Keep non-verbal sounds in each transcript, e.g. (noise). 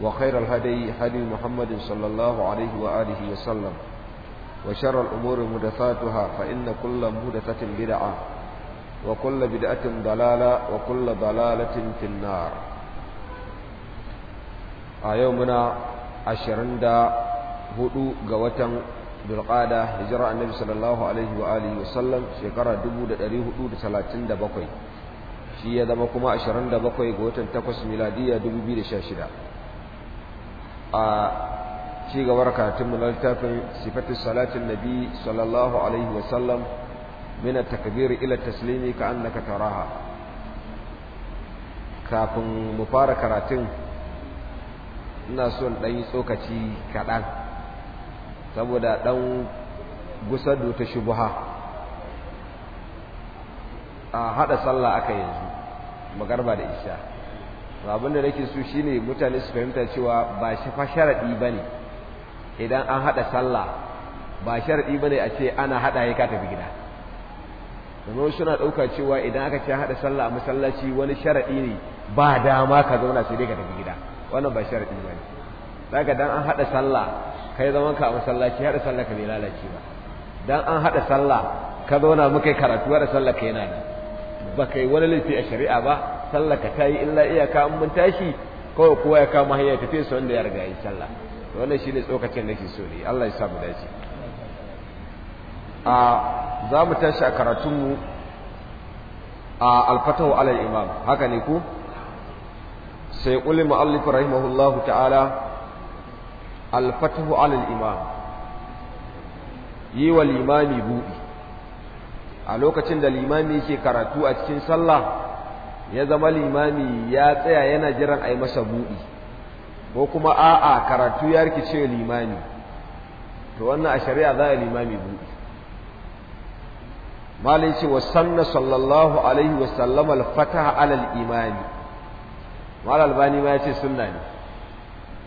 وخير الهدي هدي محمد صلى الله عليه وآله وسلم وشر الأمور مدثاتها فإن كل مدثة بدعة وكل بدعة ضلالة وكل ضلالة في النار أيومنا عشرين دا هدو قوتا بالقادة هجرة النبي صلى الله عليه وآله وسلم شكرا دبو دا داري هدو دا سلاتين دا بقوي shi ya zama kuma 27 ga watan 8 miladiya 2016 a ci gabar mu na littafin sifatin salatin nabi sallallahu alaihi wasallam mina takbiri ila taslimi ka annaka taraha kafin mu fara karatun ina son ɗan yi tsokaci kaɗan saboda ɗan gusadu ta shubuha a haɗa sallah aka yanzu magarba da isha abinda da nake so shine mutane su fahimta cewa ba shi fa sharadi bane idan an hada sallah ba sharadi bane a ce ana hada ya ka tafi gida domin suna dauka cewa idan aka ce hada sallah a masallaci wani sharadi ne ba dama ka zauna sai dai ka tafi gida wannan ba sharadi bane daga dan an hada sallah kai zaman ka a masallaci hada sallah ka bai lalace ba dan an hada sallah ka zauna muka yi karatu haɗa sallah ka yana da ba kai wani laifi a shari'a ba sallaka ta yi illa iyaka in mun tashi kawai kowa ya kama hanyar tafiya su wanda ya riga yi sallah wannan shi ne tsokacin da ke so ne Allah ya samu dace a za mu tashi a karatunmu a alfatahu alal imam haka ne ku sai ƙuli ma'allif rahimahullahu ta'ala alfatahu alal imam yi wa limami buɗi a lokacin da limami yake karatu a cikin sallah ya zama limami ya tsaya yana jiran a yi masa buɗi ko kuma a'a karatu ya rikice limami to wannan a shari'a za a limami buɗi malin ce wasanna sallallahu alaihi wasallam alfataha alal imani mal albani ma ya ce sunna ne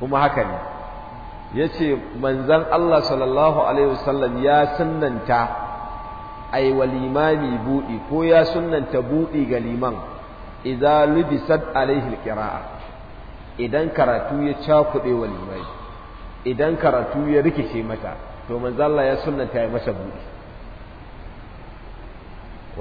kuma haka ne ya ce manzan Allah sallallahu alaihi wasallam ya sunnanta aiwa limami buɗi ko ya sunnanta buɗi ga liman idza lubisat alaihi alqira'a idan karatu ya cakuɗe wa idan karatu ya rikice mata to manzo Allah ya sunnanta ya masa buɗi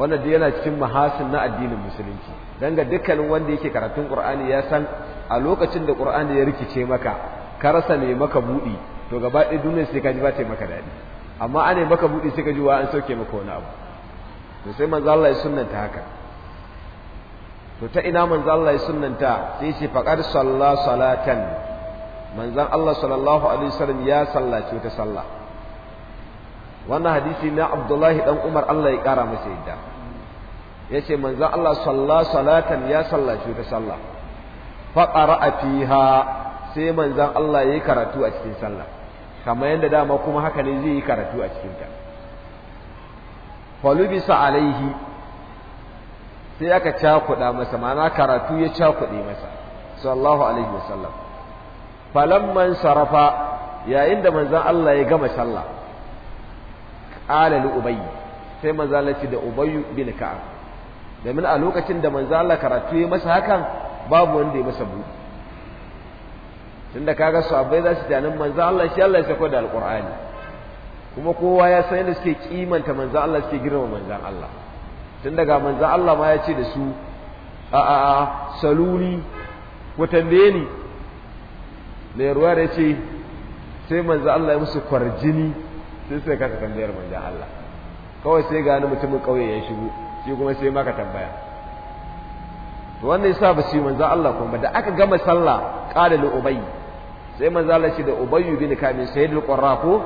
wannan dai yana cikin mahasin na addinin musulunci dan ga dukkanin wanda yake karatun Qur'ani ya san a lokacin da Qur'ani ya rikice maka ka rasa ne maka buɗi to gaba ɗaya duniyar sai ka ji ba ta maka daɗi amma ana maka buɗi sai ka ji wa an sauke maka wani abu to sai manzo Allah ya sunnanta haka to ta ina manzo Allah ya sunnanta sai ce faqad salla salatan manzan Allah sallallahu alaihi wasallam ya sallace ta sallah wannan hadisi na Abdullahi dan Umar Allah ya kara masa yadda yace manzan Allah salla salatan ya sallace ta sallah fa qara'a fiha sai manzon Allah yi karatu a cikin sallah kamar yadda dama kuma haka ne zai yi karatu a cikin ta falubisa alaihi sai aka cakuɗa masa ma'ana karatu ya cakude masa sallallahu alaihi wasallam falamman sarafa yayin da manzon Allah ya gama sallah qala li ubay sai manzon Allah ce da ubay bin ka'ab domin a lokacin da manzon Allah karatu ya masa hakan babu wanda ya masa buɗe tunda kaga sahabbai za su tunanin manzon Allah shi Allah ya sako da alqur'ani kuma kowa ya san yadda suke kimanta manzon Allah suke girma manzon Allah tun daga manzan Allah ma ya ce da su a a a saluni ku tambaye ni da yarwa da ce sai manzan Allah ya musu kwarjini sai sai ka tambayar manzan Allah kawai sai gani mutumin ƙauye ya shigo shi kuma sai maka tambaya to wannan yasa ba shi manzan Allah kuma da aka gama sallah qala li ubay sai manzan Allah ce da ubayyu bin kamin sayyidul qurra ko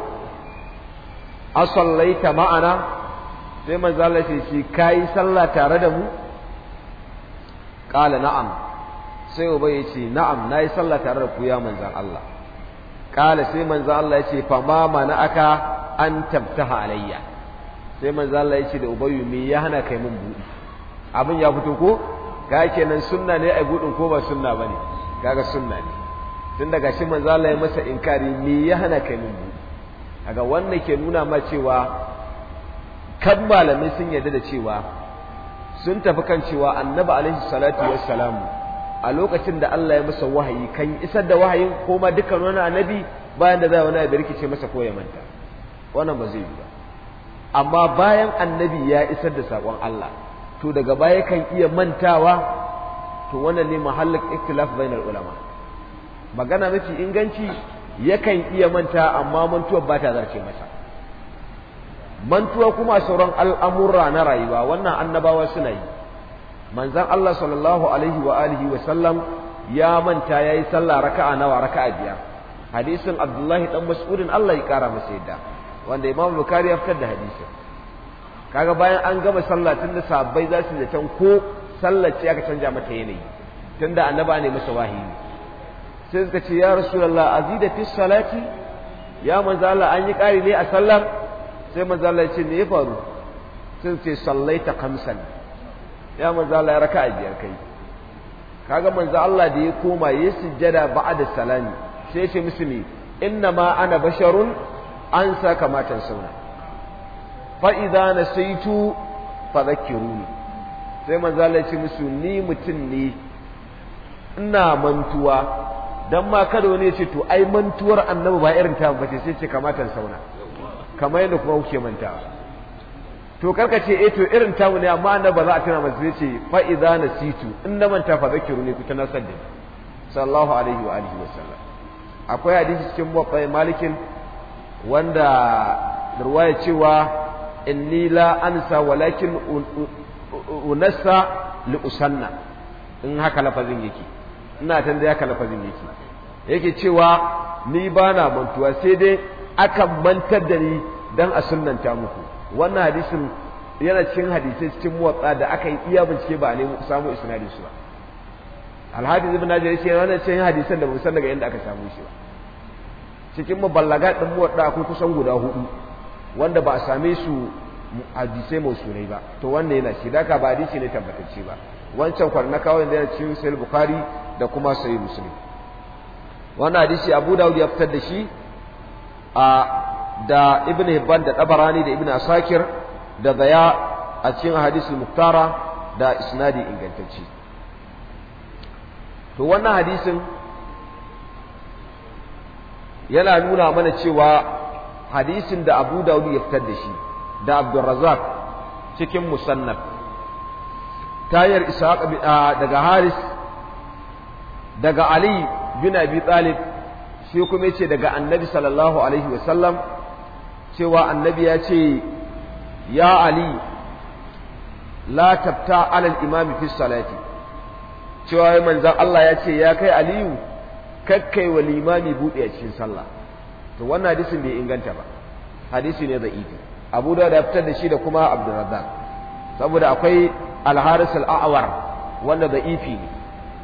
asallaita ma'ana sai manzo Allah ce shi kai sallah tare da mu qala na'am sai ubay ya ce na'am nayi sallah tare da ku ya manzon Allah qala sai manzo Allah ya ce fa ma mana aka an tabtaha alayya sai manzo Allah ya ce da ubayyu me ya hana kai mun budi abin ya fito ko ga kenan sunna ne ai budin ko ba sunna bane kaga sunna ne tun daga shi manzo Allah ya masa inkari me ya hana kai mun budi kaga wannan ke nuna ma cewa kan malamai sun yarda da cewa sun tafi kan cewa annabi alaihi salatu wassalamu a lokacin da Allah ya masa wahayi kan isar da wahayin koma dukkan wani annabi bayan da za wani abu rikice masa ko ya manta wannan ba zai yi amma bayan annabi ya isar da sakon Allah to daga baya kan iya mantawa to wannan ne mahallin ikhtilaf bainar ulama magana mafi inganci yakan iya manta amma mantuwar ba ta zarce masa mantuwa kuma sauran al'amurra na rayuwa wannan annabawa suna yi manzan Allah sallallahu alaihi wa alihi wa sallam ya manta ya yi sallah raka'a nawa raka'a biyar hadisin Abdullahi dan Mas'udin Allah ya kara masa yadda wanda Imam bukari ya fitar da hadisin kaga bayan an gama sallah tunda sabbai za su zaton ko sallar aka canja mata yanayi tunda annaba ne masa wahayi sai suka ce ya rasulullah azida salati ya manzo Allah an yi kari ne a sallar sai mazala ya ce me ya faru sun ce sallai ta kamsan ya manzala ya raka a biyar kai kaga manzo Allah da ya koma ya sujjada da salami sai ya ce musu ne inna ma ana basharun an sa kamatan sauna fa idza nasaitu ne. sai manzo Allah ya ce musu ni mutum ne ina mantuwa dan ma kada wani ya ce to ai mantuwar annabi ba irin ta ce sai ce kamatan sauna kamar yadda kuma kuke manta, to karka ce eh to irin tamu ne amma na ba za a tana masu sai ce fa idza nasitu in na manta fa zakiru ne ku ta nasar da sallallahu alaihi wa alihi wasallam akwai hadisi cikin muwaffai malikin wanda ruwaya cewa inni la ansa walakin unassa li usanna in haka lafazin yake ina tanda haka lafazin yake yake cewa ni bana mantuwa sai dai akan mantar da ni dan a sunnanta muku wannan hadisin yana cikin hadisai cikin muwatsa da aka yi iya bincike ba ne samu isnadin su ba alhadis ibn najir shi yana cikin hadisan da ba san daga inda aka samu shi ba cikin maballaga din muwatsa akwai kusan guda hudu wanda ba a same su hadisai sunai ba to wannan yana shi daka ba hadisi ne tabbatacce ba wancan kwarna kawai da yana cikin sahih bukhari da kuma sahih muslim wannan hadisi abu daud ya fitar da shi da ibn hibban da Dabarani da ibn asakir da zaya a cikin hadisin muktara da isnadi ingantacci to wannan hadisin yana nuna mana cewa hadisin da abu dawud ya fitar da shi da Abdulrazak cikin musannaf tayar ishaq daga haris daga ali bin abi talib shi kuma yace daga annabi sallallahu alaihi wasallam cewa annabi ya ce ya ali la tabta alal imami fi salati cewa ya manzan Allah ya ce ya kai aliyu kakkai wa limami buɗe a cikin sallah to wannan hadisin bai inganta ba hadisi ne da'ifi abu da da fitar da shi da kuma abdurrazzaq saboda akwai alharis al'awar wanda da'ifi ne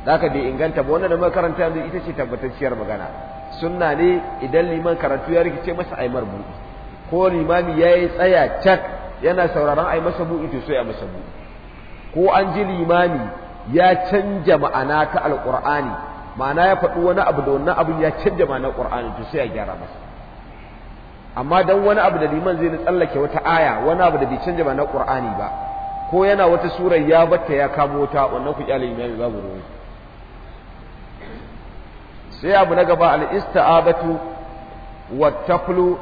zaka bai inganta ba wannan da makaranta yanzu ita ce tabbatacciyar magana sunna ne idan liman karatu ya rikice masa ai marbu'i ko limami ya yi tsaya cak yana sauraron ai masa bu'i to sai a masa bu'i ko an ji limami ya canja ma'ana ta alqur'ani ma'ana ya faɗi wani abu da wannan abin ya canja ma'anar ƙur'ani to sai a gyara masa amma dan wani abu da liman zai tsallake wata aya wani abu da bai canja ma'anar ƙur'ani ba ko yana wata surar ya batta ya kamo ta wannan ku kyale limami babu ruwa sai abu na gaba al-ista'adatu wa taqlu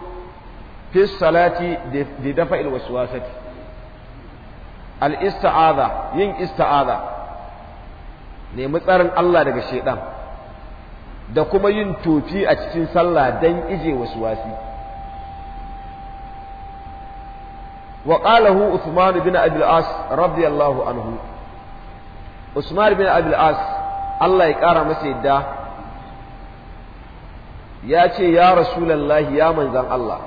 fi salati bi dafa'il waswasati al-ista'adha yin ista'adha nemi tsarin Allah daga shaidan da kuma yin tofi a cikin sallah dan ije waswasi wa qalahu Uthman bin Abi radiyallahu anhu Usman bin Abi Allah ya ƙara masa yadda ya ce ya rasulallah ya manzan Allah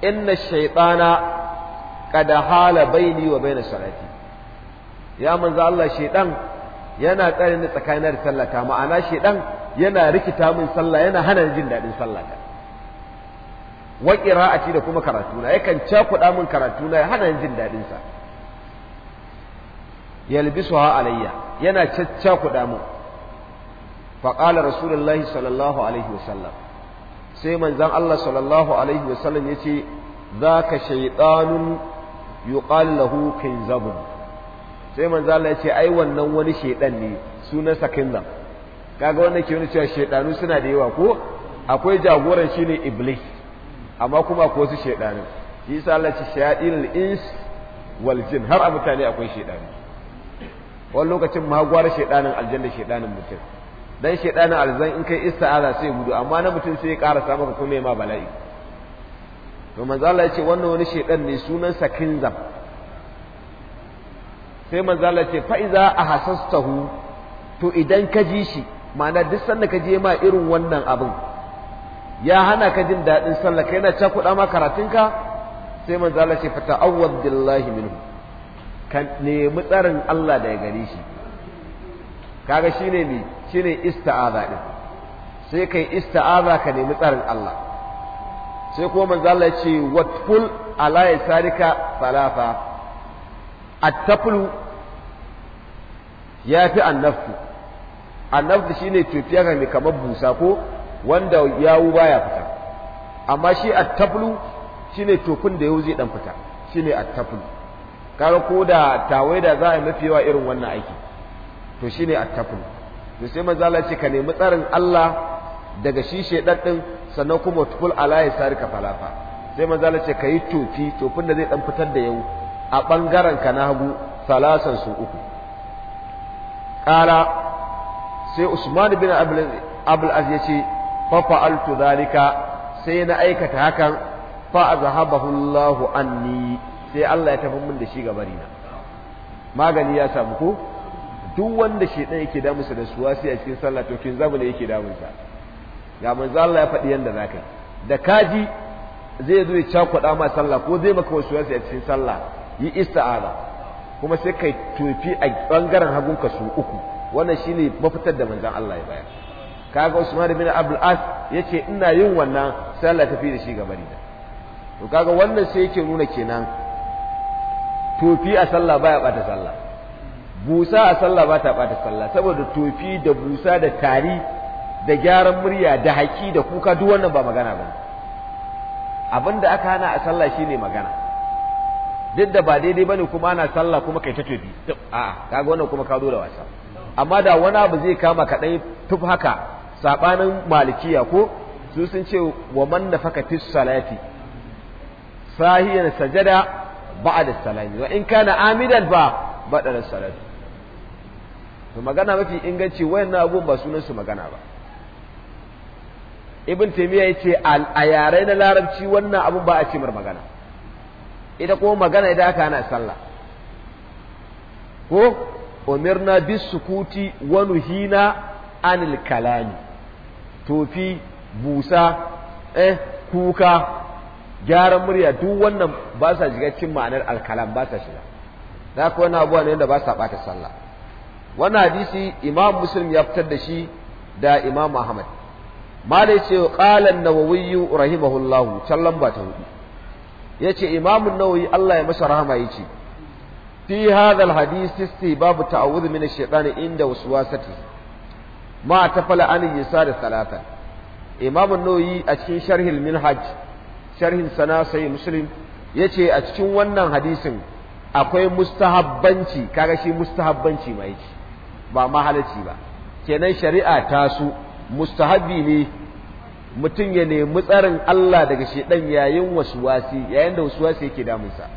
inna shaytana kada hala baini wa baina salati ya manzan Allah shaytan yana tsarin tsakanin da sallata ma'ana shaytan yana rikita min sallah yana hana jin dadin sallata wa qira'ati da kuma karatuna yakan cakuɗa min karatuna ya hana jin dadin sa yalbisuha alayya yana caccakuɗa min faƙalar rasulullahi sallallahu alaihi wasallam sai manzan Allah sallallahu alaihi wasallam ya ce za ka shaiɗanun yuqal lahu kinzabun sai manzan Allah ya ce ai wannan wani shaiɗan ne sunansa kinzab kaga wannan ke wani cewa shaiɗanu suna da yawa ko akwai jagoran shine iblis amma kuma akwai wasu shaiɗanu shi yasa Allah ce shayatinul wal jin har a mutane akwai shaiɗanu wani lokacin ma gwara shaiɗanin aljanna shaiɗanin mutum dan na alzan in kai ista'aza sai gudu amma na mutum sai ya karasa maka kuma ya ma bala'i to manzo Allah ya ce wannan wani shaydan ne sunan kinzam sai manzo Allah ya ce fa iza ahasastahu to idan ka ji shi ma'ana duk sanda ka je ma irin wannan abin ya hana ka jin daɗin sallah kai na cakuɗa ma karatunka sai manzo Allah ce fata'awwad billahi minhu kan nemi tsarin Allah da ya gare shi kaga shine ne shine ista'aza din sai kai ista'aza ka nemi tsarin Allah sai kuma manzo Allah ya ce watful ala yasarika salafa attaflu yafi annafsu annaftu shine tafiya ga kamar busa ko wanda yawu baya fita amma shi attaflu shine tofin da yau zai dan fita shine attaflu kaga ko da tawai da za a mafi yawa irin wannan aiki to shine attaflu to sai manzo Allah ce ka nemi tsarin Allah daga shi shedan din sannan kuma tukul alai sarika falafa sai manzo Allah ce kai tofi tofin da zai dan fitar da yau a bangaren ka na hagu salasan su uku kala sai Usman bin Abdul Aziz ya ce fa fa'altu zalika sai na aikata hakan fa azhabahu Allahu anni sai Allah ya tafi min da shi gabarina magani ya samu ko duk wanda shedan yake damunsa da suwasi a cikin sallah to kin zamu ne yake damunsa ga manzo Allah ya faɗi yanda zaka da kaji zai zo ya cakuɗa ma sallah ko zai maka wasu a cikin sallah yi ista'ara kuma sai kai tofi a bangaren hagunka su uku wannan shine mafitar da manzon Allah ya bayar kaga Usman bin Abdul As yace ina yin wannan sallah tafi da shi gabari da to kaga wannan sai yake nuna kenan tofi a sallah baya bata sallah busa a sallah ba ta ɓata sallah saboda tofi da busa da tari da gyaran murya da haki da kuka duk wannan ba magana ba abin da aka hana a sallah shine magana duk da ba daidai bane kuma ana sallah kuma kai ta tofi a'a kaga wannan kuma ka zo da wasa amma da wani abu zai kama ka dai tuf haka sabanin malikiya ko su sun ce wa man nafaka fis salati sahiyan sajada ba'da salami wa in kana amidan ba ba'da salati to magana mafi inganci na abubuwan ba sunan su magana ba ibn taymiya yace a yare na larabci wannan abun ba a ce mar magana ita kuma magana idan aka hana sallah ko umirna bis sukuti wa nuhina anil kalami tofi busa eh kuka gyaran murya duk wannan ba sa shiga cikin ma'anar alkalam ba sa shiga za ku wani abuwa ne da ba sa ɓata sallah wannan hadisi imam muslim ya fitar da shi da imam ahmad malai ce qala an-nawawi rahimahullahu can lamba ta hudu yace imam an-nawawi Allah ya masa rahama yace fi hadha al-hadith babu ta'awudh min ash-shaytan inda waswasati ma tafala an yisar salata imam an-nawawi a cikin sharhil minhaj sharhin sana sai muslim yace a cikin wannan hadisin akwai mustahabbanci kaga shi mustahabbanci ma yake ba mahalici ba kenan shari'a ta su mustahabi ne mutum ya nemi tsarin Allah daga shedan yayin wasuwasi yayin da wasuwasi yake damunsa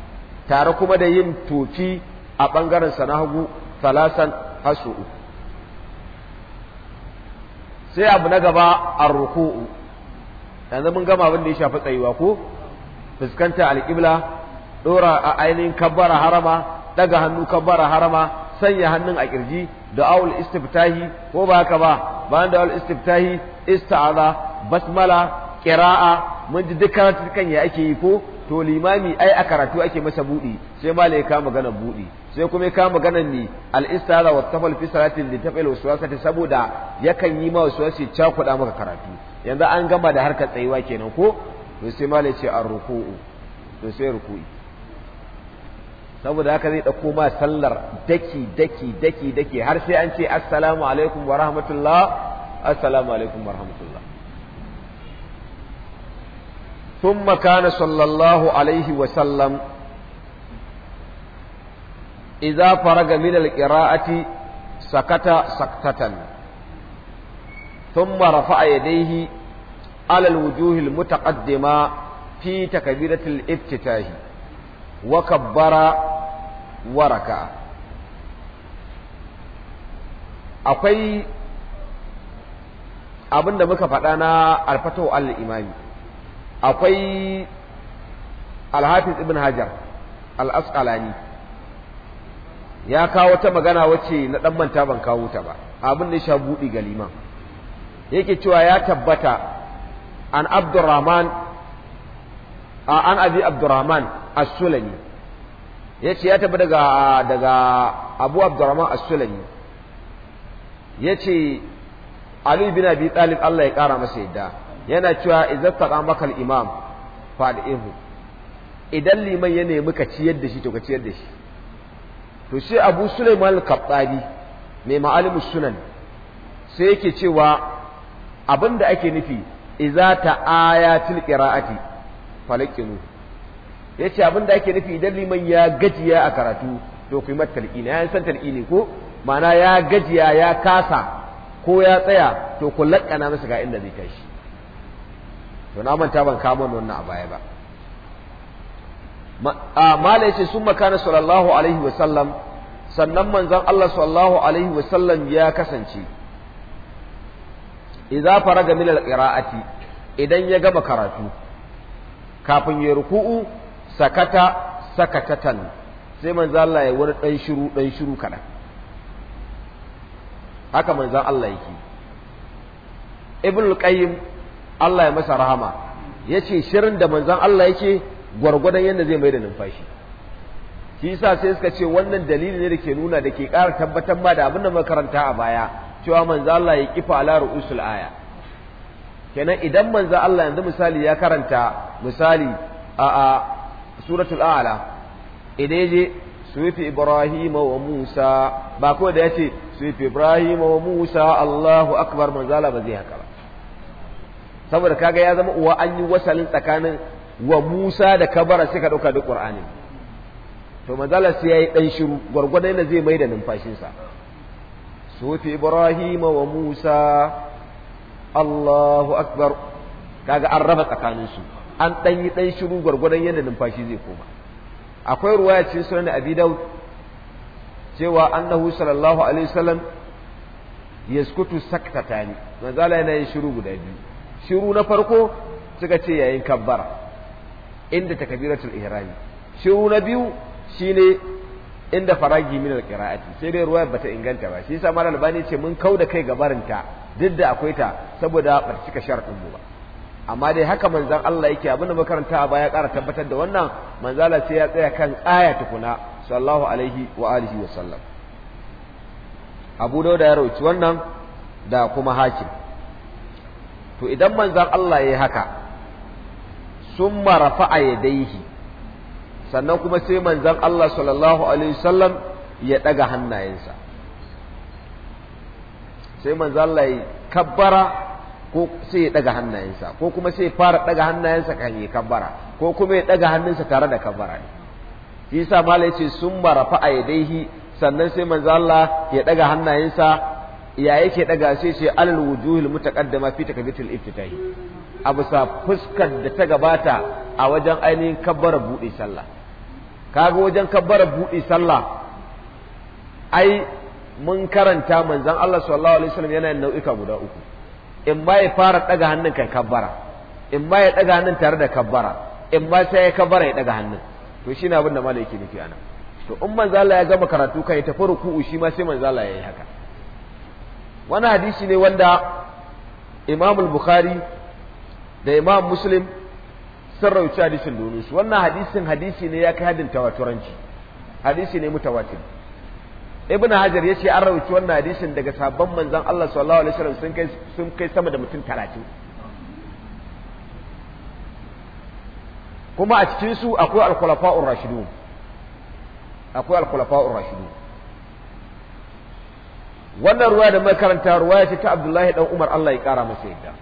tare kuma da yin tofi a ɓangaren sa na salasan hasu sai abu na gaba a rukuu yanzu mun gama abin da ya shafi tsayuwa ko fuskanta alƙibla ɗora a ainihin kabbara harama ɗaga hannu kabbara harama sanya hannun a kirji da awul istiftahi ko ba haka ba bayan da awul istiftahi ista'aza basmala qira'a mun ji duk tukan ya ake yi ko to limami ai a karatu ake masa budi sai mala ya kama ganan budi sai kuma ya kama ganan ni al istara wa tafal fi salatin li tafal waswasati saboda yakan yi ma waswasi cakuda maka karatu yanzu an gama da harkar tsayuwa kenan ko to sai mala ce ar ruku'u to sai ruku'i saboda haka zai ɗauko ma sallar daki daki daki daki har sai an ce assalamu alaikum wa rahmatullah assalamu alaikum wa rahmatullah ثم كان صلى الله عليه وسلم إذا فرغ من القراءة سكت سكتة ثم رفع يديه على الوجوه المتقدمة في تكبيرة الافتتاح wa kabbara wa akwai abin muka faɗa na alfato al-imami akwai alhafiz ibn hajar al-asqalani ya kawo ta magana wacce na dan manta ban kawo ta ba abin da ya buɗi ga liman yake cewa ya tabbata an abdurrahman a an abi abdurrahman as-sulami yace ya tafi daga daga abu abdurrahman as-sulami yace ali bin abi talib Allah ya kara masa yadda yana cewa idza taqa maka al-imam fa'idhu idan liman ya nemi ka ciyar da shi to ka ciyar da shi to sai abu sulaiman al-qattabi mai ma'alimu sunan sai yake cewa abinda ake nufi idza ta'ayatil qira'ati falakinu ya ce abin da ake nufi idan liman ya gajiya a karatu to ku yi mata ya san talƙini ko ma'ana ya gajiya ya kasa ko ya tsaya to ku laƙana masa ga inda zai tashi to na manta ban kama wannan a baya ba mala ya ce sun makana sallallahu alaihi wa sallam sannan manzon Allah sallallahu alaihi wa sallam ya kasance idza faraga min alqira'ati idan ya gama karatu kafin ya ruku'u sakata sakatatan sai manzo Allah ya wani dan shiru dan shiru kaɗan haka manzo Allah yake ibn qayyim Allah ya masa rahama yace shirin da manzon Allah yake gwargwadon yadda zai mai da numfashi shi yasa sai suka ce wannan dalili ne da ke nuna da ke ƙara tabbatar ma da abin da makaranta a baya cewa manzo Allah ya kifa ala ru'usul aya kenan idan manzo Allah yanzu misali ya karanta misali a a suratul a'la idan yaje sufi ibrahim wa musa ba ko da yace Suwifi ibrahim wa musa Allahu akbar manzo Allah ba zai haka ba saboda kaga ya zama uwa an yi wasalin tsakanin wa musa da kabara suka dauka duk qur'ani to manzo Allah sai yayi dan shiru gurgurdan da zai mai da numfashinsa Suwifi ibrahim wa musa Allahu akbar kaga an raba tsakanin su an ɗan yi ɗan shiru gwargwadon yadda numfashi zai koma akwai ruwaya cikin sunan abi daud cewa annahu sallallahu alaihi wasallam yaskutu saktatani manzo yana yin shiru guda biyu shiru na farko suka ce yayin kabbara inda takbiratul ihram shiru na biyu shine inda faragi min alqira'ati sai dai ruwaya bata inganta ba shi yasa malal albani ce mun kauda kai gabarinta duk da akwai ta saboda ba cika sharadin mu ba amma dai haka manzon Allah yake abin da makaranta a baya ƙara tabbatar da wannan manzala sai ya tsaya kan aya tukuna sallallahu alaihi wa alihi wa sallam Abu Dawud ya rawaci wannan da kuma hakim to idan manzon Allah yayi haka summa rafa'a yadayhi sannan kuma sai manzon Allah sallallahu alaihi wasallam ya daga hannayensa sai manzo Allah ya kabbara ko sai ya daga hannayensa ko kuma sai ya fara daga hannayensa kan yi kabbara ko kuma ya daga hannunsa tare da kabbara ne shi yasa malai yace summa rafa'a yadaihi sannan sai manzo Allah ya daga hannayensa ya yake daga sai ce alal wujuhil mutaqaddima fi takbiratil iftitahi a bisa fuskar da ta gabata a wajen ainihin kabbara buɗe sallah kaga wajen kabbara buɗe sallah ai mun karanta manzan Allah sallallahu alaihi wasallam yana nau'ika guda uku in ma ya fara daga hannun kai kabbara in ma ya daga hannun tare da kabbara in ma sai ya kabbara ya daga hannun to shine abin da malai yake nufi anan to in manzan Allah ya gama karatu kan ta tafi ruku'u shi ma sai manzan Allah ya yi haka wani hadisi ne wanda Imam bukhari da Imam Muslim sun rauci hadisin domin su wannan hadisin hadisi ne ya kai hadin tawaturanci hadisi ne mutawatir ibn hajar ya ce an rauci wannan hadisin daga sabon manzan Allah sallallahu alaihi wasallam sun kai sun kai sama da mutum 30 kuma a cikin su akwai al-khulafa'ur rashidun akwai al-khulafa'ur rashidun wannan ruwa da muka karanta ruwa ce ta Abdullahi dan Umar Allah ya kara masa yadda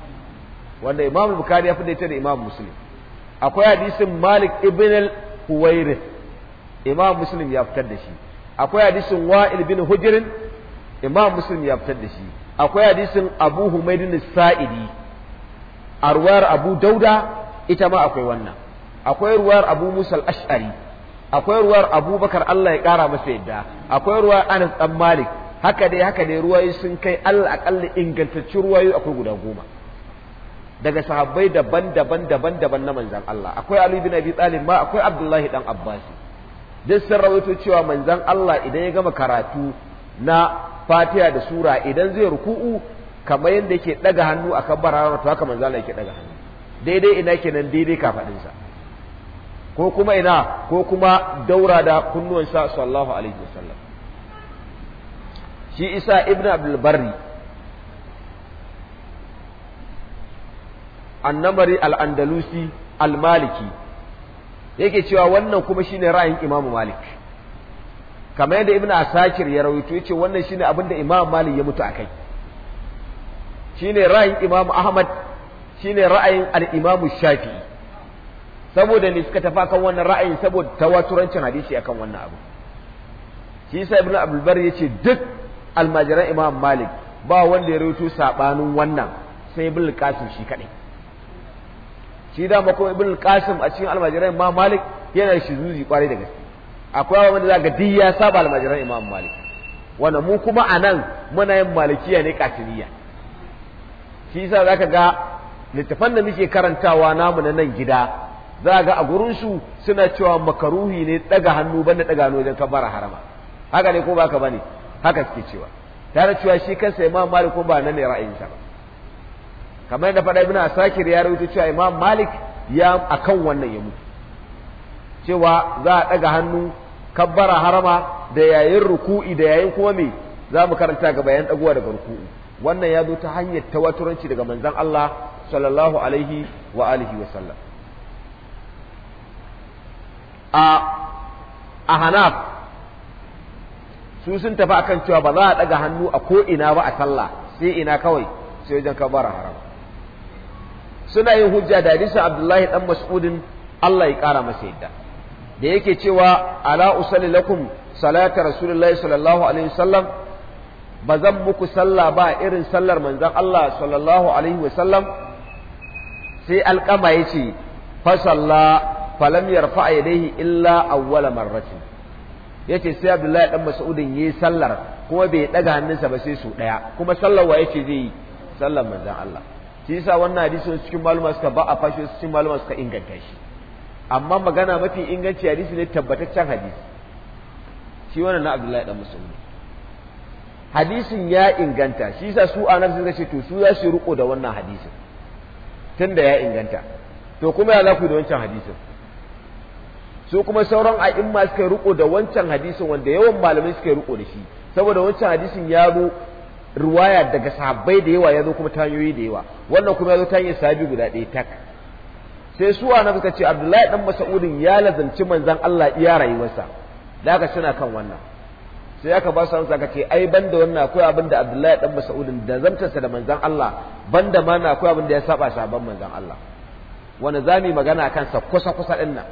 wanda Imam Bukhari ya fada ta da Imam Muslim akwai hadisin Malik ibn al-Huwairith Imam Muslim ya fitar da shi akwai hadisin wa'il bin hujirin imam muslim ya fitar da shi akwai hadisin abu humaydin sa'idi a ruwayar abu dauda ita ma akwai wannan akwai ruwayar abu musa ashari akwai ruwayar abubakar Allah ya kara masa yadda akwai ruwayar anas dan malik haka dai haka dai ruwayi sun kai Allah akalla ingantaccen ruwayoyi akwai guda goma daga sahabbai daban-daban daban-daban na manzan Allah akwai Ali bin Abi Talib ma akwai Abdullahi dan Abbasi duk sun rawaito cewa manzan Allah idan ya gama karatu na Fatiya da sura idan zai ruku'u kamar yadda yake daga hannu a kabbar barara to haka manzan Allah yake daga hannu daidai ina kenan daidai kafadinsa ko kuma ina ko kuma daura da kunnuwansa sallallahu alaihi wasallam shi isa ibn abdul barri annamari al-andalusi al-maliki yake cewa wannan kuma shine ra'ayin Imam Malik kamar yadda Ibn Asakir ya rawaito yace wannan shine abin da Imam Malik ya mutu akai shine ra'ayin Imam Ahmad shine ra'ayin al-Imam Shafi'i saboda ne suka tafa kan wannan ra'ayin saboda tawaturancin hadisi akan wannan abu shi yasa Ibn Abdul Bar yace duk almajiran Imam Malik ba wanda ya rawaito sabanin wannan sai Ibn Qasim shi kadai shi da mako ibn qasim a cikin almajirai imam malik yana shi zuzi kwarai da gaske akwai wanda za ga ya saba almajirai imam malik wannan mu kuma a nan muna yin malikiya ne katiliya shi yasa zaka ga littafan da muke karantawa namu na nan gida za ga a gurinsu suna cewa makaruhi ne daga hannu banda daga hannu wajen kabara harama haka ne ko baka bane haka suke cewa tare cewa shi kansa imam malik ko ba nan ne ra'ayin sa ba kamar yadda faɗa ibn asakir ya rawaito cewa imam malik ya akan wannan ya cewa za a ɗaga hannu kabbara harama da yayin ruku'i da yayin kuma me za mu karanta ga bayan ɗaguwa daga ruku'i wannan ya zo ta hanyar tawaturanci daga manzon Allah sallallahu alaihi wa alihi wa sallam a a hanaf su sun tafi akan cewa ba za a ɗaga hannu a ko ina ba a sallah sai ina kawai sai wajen kabbara harama suna yin hujja da hadisin Abdullahi dan Mas'udin Allah ya kara masa yadda da yake cewa ala usalli lakum salata rasulullahi sallallahu alaihi wasallam ba zan muku sallah ba irin sallar manzon Allah sallallahu alaihi wasallam sai alƙama yace fa salla falam yarfa yadayhi illa awwala marratin yace sai Abdullahi dan Mas'udin yayi sallar kuma bai daga hannunsa ba sai su daya kuma sallar wa yace zai yi sallar manzon Allah shi yasa wannan hadisi cikin maluma suka ba a fashe su cikin maluma suka inganta shi amma magana mafi inganci hadisi ne tabbataccen hadisi shi wannan na Abdullahi dan Musulmi. hadisin ya inganta shi yasa su anan suka ce to su ya su riko da wannan hadisin tunda ya inganta to kuma ya za ku da wancan hadisin su kuma sauran a'imma suka riko da wancan hadisin wanda yawan malamai suka riko da shi saboda wancan hadisin ya zo ruwaya daga sahabbai da yawa ya zo kuma ta hanyoyi da yawa wannan kuma ya zo ta hanyar sahabi guda ɗaya tak sai su na suka ce abdullahi dan mas'udin ya lazanci manzon Allah iya rayuwarsa da aka suna kan wannan sai aka ba su amsa aka ce ai banda wannan akwai abin da abdullahi dan mas'udin da zamtarsa da manzon Allah banda ma na akwai abin da ya saba saban manzon Allah mu zamu magana a kansa kusa kusa ɗin nan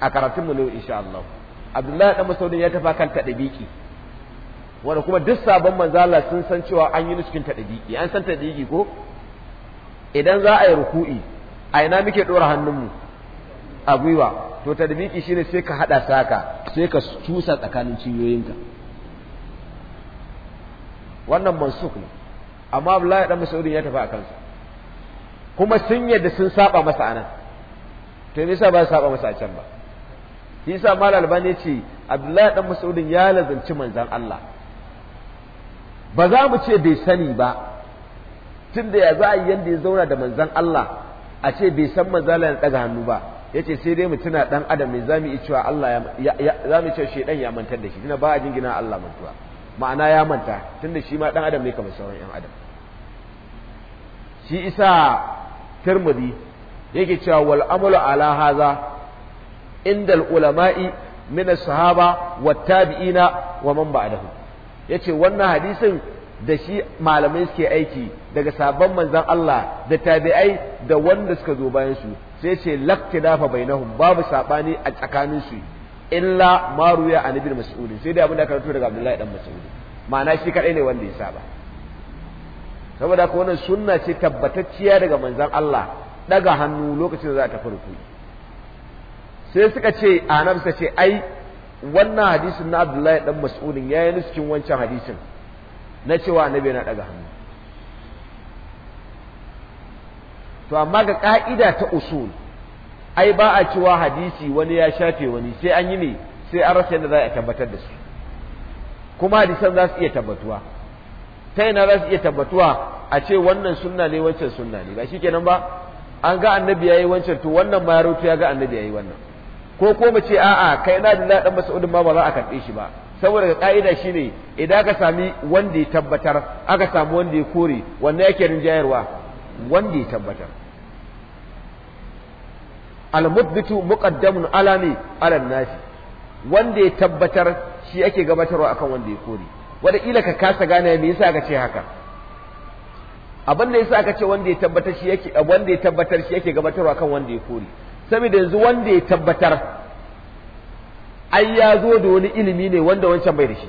a karatunmu mu ne insha Allah abdullahi dan mas'udin ya tafa kan ɗabiƙi. wanda kuma duk sabon manzala sun san cewa an yi ta taɗaɗiƙi an san taɗaɗiƙi ko idan za a yi ruku'i a ina muke ɗora hannunmu a gwiwa to taɗaɗiƙi shine sai ka haɗa saka sai ka cusa tsakanin ciyoyinka wannan mansuk ne amma Abdullahi dan Mas'udin ya tafi a kansa kuma sun yadda sun saba masa anan to me yasa ba su saba masa a can ba shi yasa Malam Albani ce Abdullahi dan Mas'udin ya lazanci manzon Allah ba za mu ce bai sani ba tun da ya za a yi yadda ya zauna da manzan Allah a ce bai san manzala ya ɗaga hannu ba ya ce sai dai mu tuna ɗan adam mai za mu yi cewa Allah za mu ce shaidan ya mantar da shi tuna ba a jingina Allah mantuwa ma'ana ya manta tun da shi ma ɗan adam ne kamar sauran ‘yan adam shi isa turmudi yake cewa wal amalu ala haza inda ulama'i min sahaba wa tabi'ina wa man ba'dahum ya ce wannan hadisin da shi malamai suke aiki daga sabon manzan Allah da tabi'ai da wanda suka zo bayan su sai ce dafa bainahum babu saɓani a tsakanin su illa ma ruya an masu mas'ud sai dai abin da aka daga Abdullahi dan Mas'ud ma'ana shi kadai ne wanda ya saba saboda ko wannan sunna ce tabbatacciya daga manzan Allah daga hannu lokacin da za ta farko sai suka ce anab suka ce ai wannan hadisin na abdullahi dan mas'udin ya yi nuskin wancan hadisin na cewa annabi yana daga hannu to amma ga ka'ida ta usul ai ba a cewa hadisi wani ya shafe wani sai an yi ne sai an rasa yadda za a tabbatar da su kuma hadisan za su iya tabbatuwa ta yana za su iya tabbatuwa a ce wannan sunna ne wancan sunna ne ba shi kenan ba an ga annabi ya yi wancan to wannan ma ya ya ga annabi ya yi wannan ko ko mu ce a'a kai na da dan mas'udin ma ba za a karɓe shi ba saboda ka'ida shine idan ka sami wanda ya tabbatar aka samu wanda ya kore wanne yake rinjayarwa wanda ya tabbatar al mudbitu muqaddamun ala ni ala nasi wanda ya tabbatar shi ake gabatarwa akan wanda ya kore wanda ila ka kasa gane me yasa aka ce haka abin da yasa aka ce wanda ya tabbatar shi yake wanda ya tabbatar shi yake gabatarwa akan wanda ya kore saboda yanzu wanda ya tabbatar ai ya zo da wani ilimi ne wanda wancan bai da shi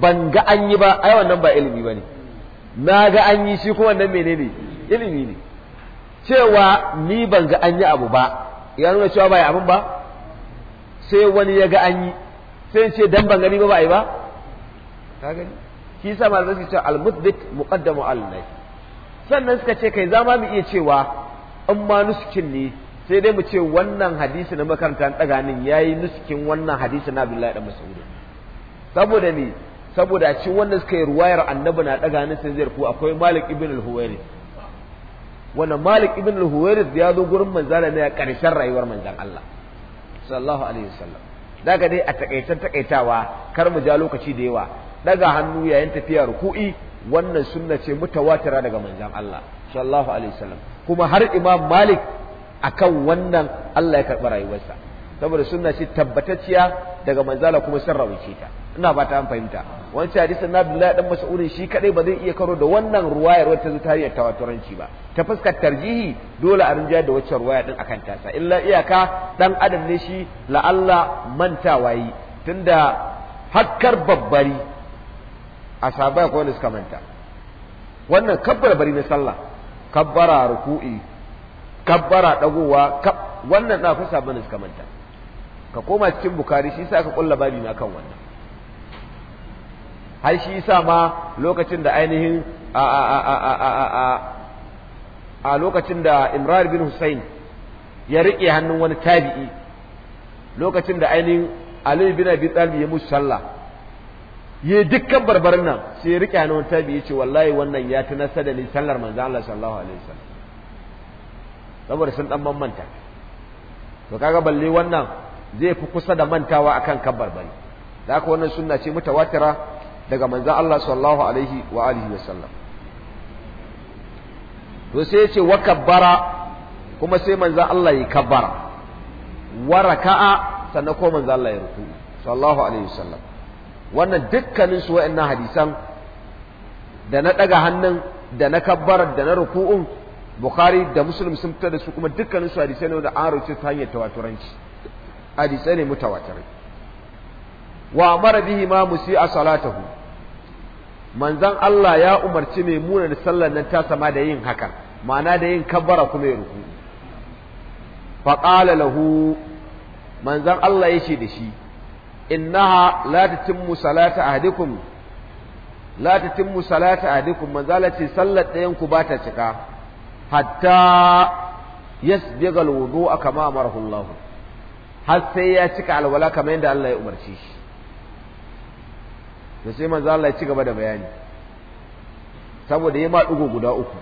ban ga an yi ba ai wannan ba ilimi ba ne na ga an yi shi kuma wannan menene ilimi ne cewa ni ban ga an yi abu ba ya nuna cewa ba ya abin ba sai wani ya ga an yi sai ce dan ban gani ba ba yi ba ka gani shi sa malamai suke ce al-musbit muqaddamu al sannan suka ce kai za ma mu iya cewa in ma nuskin ne sai dai mu ce wannan hadisi na makaranta daga nan yayi nuskin wannan hadisi na Abdullahi dan Mas'ud saboda ne saboda a cikin wanda suka yi ruwayar annabi na daga nan sai zai rufu akwai Malik ibn al-Huwairith wannan Malik ibn al-Huwairith ya zo gurin manzala ne a ƙarshen rayuwar manzon Allah sallallahu alaihi wasallam daga dai a takaitan takaitawa kar mu ja lokaci da yawa daga hannu yayin tafiya ruku'i wannan sunna ce mutawatira daga manzon Allah sallallahu alaihi wasallam kuma har imam malik akan wannan Allah ya karɓi rayuwarsa saboda sunna ce tabbatacciya daga manzala kuma sun rawaice ta ina ba ta an fahimta wancan hadisin na Abdullahi dan Mas'udin shi kadai ba zai iya karo da wannan ruwayar wata ta tarihi ta ba ta fuskar tarjihi dole a rinjayar da waccan ruwaya din akan tasa illa iyaka dan adam ne shi Allah manta wayi. tunda hakkar babbari a sabai akwai suka manta wannan kabbar bari na sallah kabbara ruku'i kabbara dagowa wannan na fasa bane suka manta ka koma cikin bukari shi sa ka kulla babi na kan wannan har shi sa ma lokacin da ainihin a a a a a a a lokacin da Imrar bin Hussein ya riƙe hannun wani tabi'i lokacin da ainihin Ali bin Abi Talib ya musu sallah ya dukkan barbarin nan sai ya rike hannun tabi ya ce wallahi wannan ya ta nasa da ni sallar manzo Allah sallallahu alaihi wasallam saboda sun dan manta to kaga balle wannan zai fi kusa da mantawa akan kan barbari da haka wannan sunna ce mutawatira daga manzo Allah sallallahu alaihi wa alihi wasallam to sai ya ce wa kabbara kuma sai manzo Allah ya kabbara wa raka'a sannan ko manzo Allah ya ruku sallallahu alaihi wasallam wannan dukkanin su wa'annan hadisan da na ɗaga hannun da na kabbar da na ruku'un bukhari da muslim sun fitar da su kuma dukkanin su hadisai ne da an rufe ta hanyar tawaturanci hadisai ne mutawatirai wa amara bihi ma musi'a salatahu manzan Allah ya umarci mai muna da sallar nan ta sama da yin haka ma'ana da yin kabbara kuma ya ruku fa qala lahu manzon Allah ya ce da shi innaha la tatimmu salata ahadikum la tatimmu salata ahadikum manzala ce sallar ɗayan ku ba ta cika hatta yasbigal wudu'a kama amarahu Allah har sai ya cika alwala kamar yadda Allah ya umarci shi da sai manzo Allah ya ci gaba da bayani saboda ya ma dugo guda uku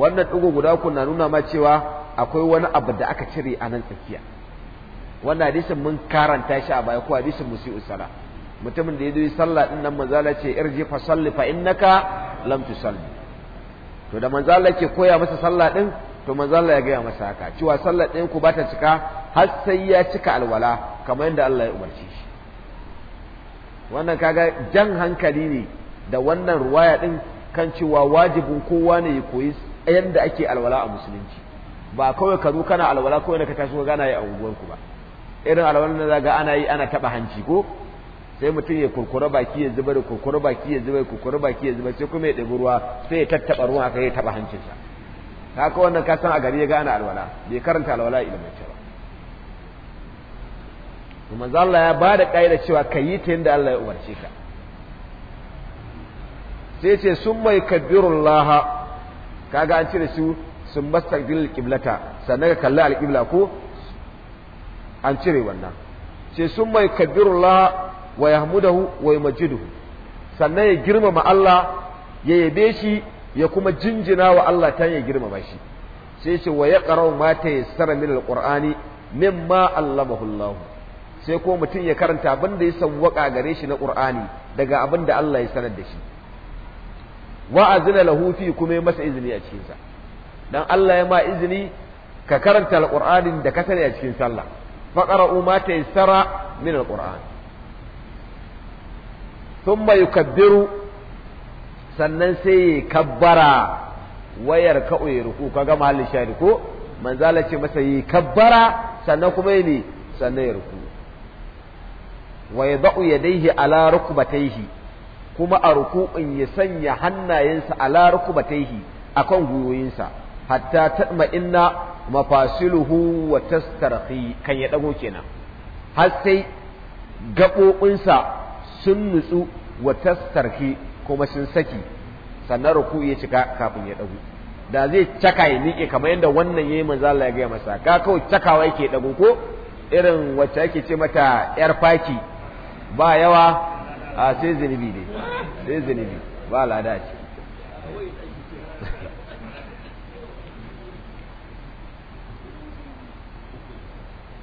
wannan dugo guda uku na nuna ma cewa akwai wani abu da aka cire a nan tsakiya wannan hadisin mun karanta shi a baya ko hadisin musi'u sala mutumin da ya zo sallah din nan manzala ce irji fa salli fa innaka lam tusalli to da manzala ke koya masa sallah din to manzala ya gaya masa haka cewa sallah din ku bata cika har sai ya cika alwala kamar yadda Allah ya umarci shi wannan kaga jan hankali ne da wannan ruwaya din kan cewa wajibin kowa ne ya koyi yadda ake alwala a musulunci ba kawai ka zo kana alwala kawai da ka tashi gana ya a unguwarku ba irin alwalan da zaga ana yi ana taba hanci ko sai mutum ya kurkura baki ya zuba da kurkura baki ya zuba kurkura baki ya zuba sai kuma ya ɗabi ruwa sai ya tattaɓa ruwan aka ya taɓa hancinsa haka wannan ka san a gari ya gane alwala bai karanta alwala ilimance ba kuma Allah ya ba da ƙa'ida cewa ka yi ta yadda Allah ya umarce ka sai ce sun mai kabirun laha kaga an cire su sun masta gidan kiblata sannan ka kalli alƙibla ko an cire wannan ce sun mai la wa yahmudahu wa yumajjiduhu sannan ya girmama Allah ya yabe shi ya kuma jinjina wa Allah ta ya girmama shi sai ce wa yaqra'u ma tayassara min alqur'ani mimma allamahu Allah sai ko mutum ya karanta abin da ya sawwaka gare shi na qur'ani daga abin da Allah ya sanar da shi wa azina lahu fi kuma ya masa izini a cikin sa dan Allah ya ma izini ka karanta alqur'anin da ka sani a cikin sallah فقرأوا ما تيسر من القرآن ثم يكبر sannan sai ya kabbara wayar ka'o ya ruku gama mahallin shari ko manzala ce masa yi kabbara sannan kuma ya ne sannan ya ruku wa ba'u ya daihi ala bataihi kuma a in ya sanya hannayensa ala bataihi akan gwiwoyinsa hatta taɗma inna mafasiluhu wa tastarqi kan ya dago kenan har sai gaɓoɓinsa sun nutsu wa tastarki kuma sun saki sannan ruku ya cika kafin ya dago da zai caka ya miƙe kamar yadda wannan ya manzo Allah ya gaya masa ka kawai cakawa yake dago ko irin wacce ake ce mata yar faki ba yawa a sai zunubi ne sai zunubi ba lada ce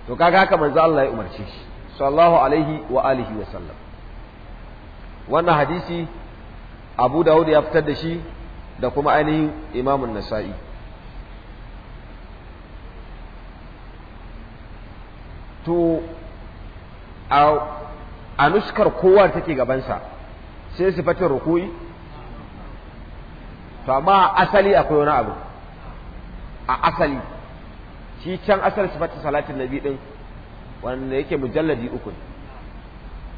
to kaga haka manzo Allah ya umarce shi sallallahu alaihi wa alihi wa sallam wannan hadisi Abu Dawud ya fitar da shi da kuma ainihin Imam nasai to a nuskar kowa take gabansa sai su sifatin ruku'i to amma asali akwai wani abu a asali shi can asar sifatu salatin nabi din wanda yake mujalladi uku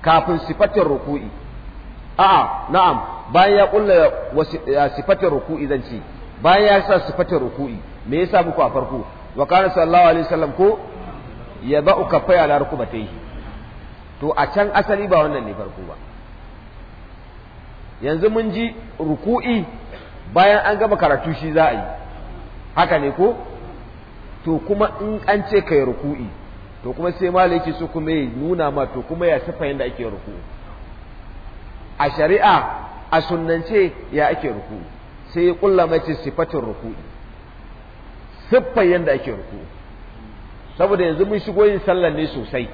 kafin sifatin ruku'i a'a na'am bayan ya kulla sifatin ruku'i zan ce bayan ya sa sifatin ruku'i me yasa muku a farko wa kana sallallahu alaihi wasallam ko ya ba'u ba ala rukubatayhi to a can asali ba wannan ne farko ba yanzu mun ji ruku'i bayan an gama karatu shi za a yi haka ne ko to kuma in an ce kai ruku'i to kuma sai malaki su kuma ya nuna ma to kuma ya sifa yadda ake ruku'i a shari'a a sunnance ya ake ruku'i sai ya kulla mace sifatin ruku'i siffa yadda ake ruku'i saboda yanzu mun shigo yin sallar ne sosai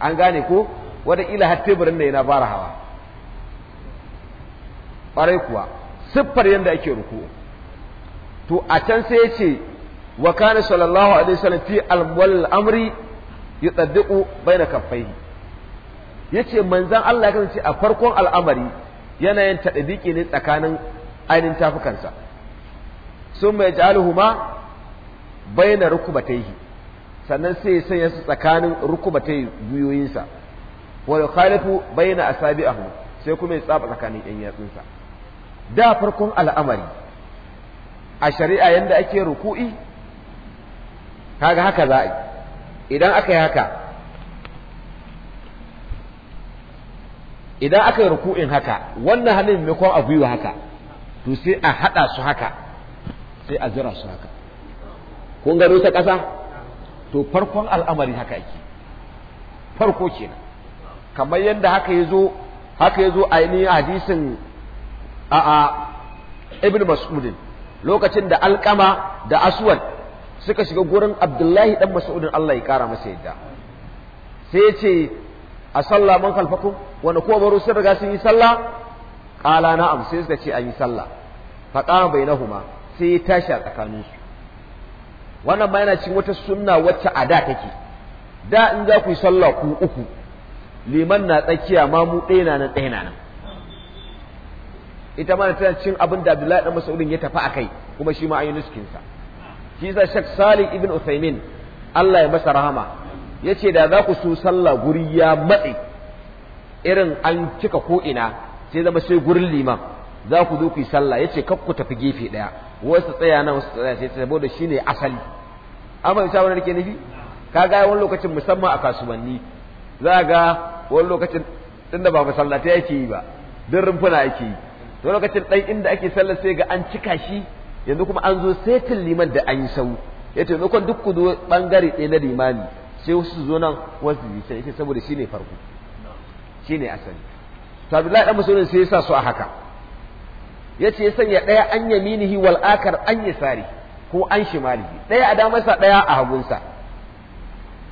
an gane ko ila har teburin da yana fara hawa ƙwarai kuwa siffar yadda ake ruku'i to a can sai ya ce wa kana sallallahu alaihi wasallam fi al amri yutaddiqu baina kaffaihi yace manzan Allah ya kasance a farkon al'amari yana yin ne tsakanin ainin tafukansa summa yaj'aluhuma baina rukubatayhi sannan sai ya sanya su tsakanin rukubatai guyoyinsa wa yukhalifu baina asabi'ahu sai kuma ya tsaba tsakanin yan yatsunsa da farkon al'amari a shari'a yanda ake ruku'i kaga haka za a yi idan aka yi haka idan aka yi ruku'in haka wannan hannun maimakon a gwiwa haka to sai a haɗa su haka sai a jira su haka kun gano ta ƙasa to farkon al'amari haka yake farko kenan kamar yadda haka ya zo haka ya zo ainihin hadisin a ibn mas'udin lokacin da alƙama da aswad suka shiga gurin abdullahi ɗan mas'udin Allah ya kara masa yadda sai ya ce a sallah man kalfakum wanda kuma baro sun riga sun yi sallah qala na'am sai suka ce an yi sallah fa qama bainahuma sai ya tashi a tsakaninsu wannan ma yana cikin wata sunna wacce a da take da in za ku yi sallah ku uku liman na tsakiya ma mu ɗaya na nan ɗaya na nan ita ma tana cin abin da Abdullahi dan Mas'udin ya tafi akai kuma shi ma yi nuskinsa shi za shak salin ibn Uthaymin Allah ya masa rahama yace da za ku so sallah guri ya matse irin an cika ko ina sai zama sai gurin liman za ku zo ku yi sallah yace kar ku tafi gefe ɗaya, wasu tsaya nan wasu tsaya sai saboda shine asali amma fahimta wannan ke nufi kaga wani lokacin musamman a kasuwanni za ga wani lokacin tunda ba masallatai yake yi ba duk rumfuna yake yi to lokacin ɗan inda ake sallar sai ga an cika shi yanzu kuma an zo setin liman da an yi sau ya taimakon duk ku zo bangare ɗaya na limani sai wasu zo nan wasu ya ce saboda shine farko shine asali to Abdullahi dan musulun sai ya sa su a haka yace ya sanya ɗaya an yaminihi wal akar an yasari ko an shimalihi ɗaya a damarsa ɗaya a hagunsa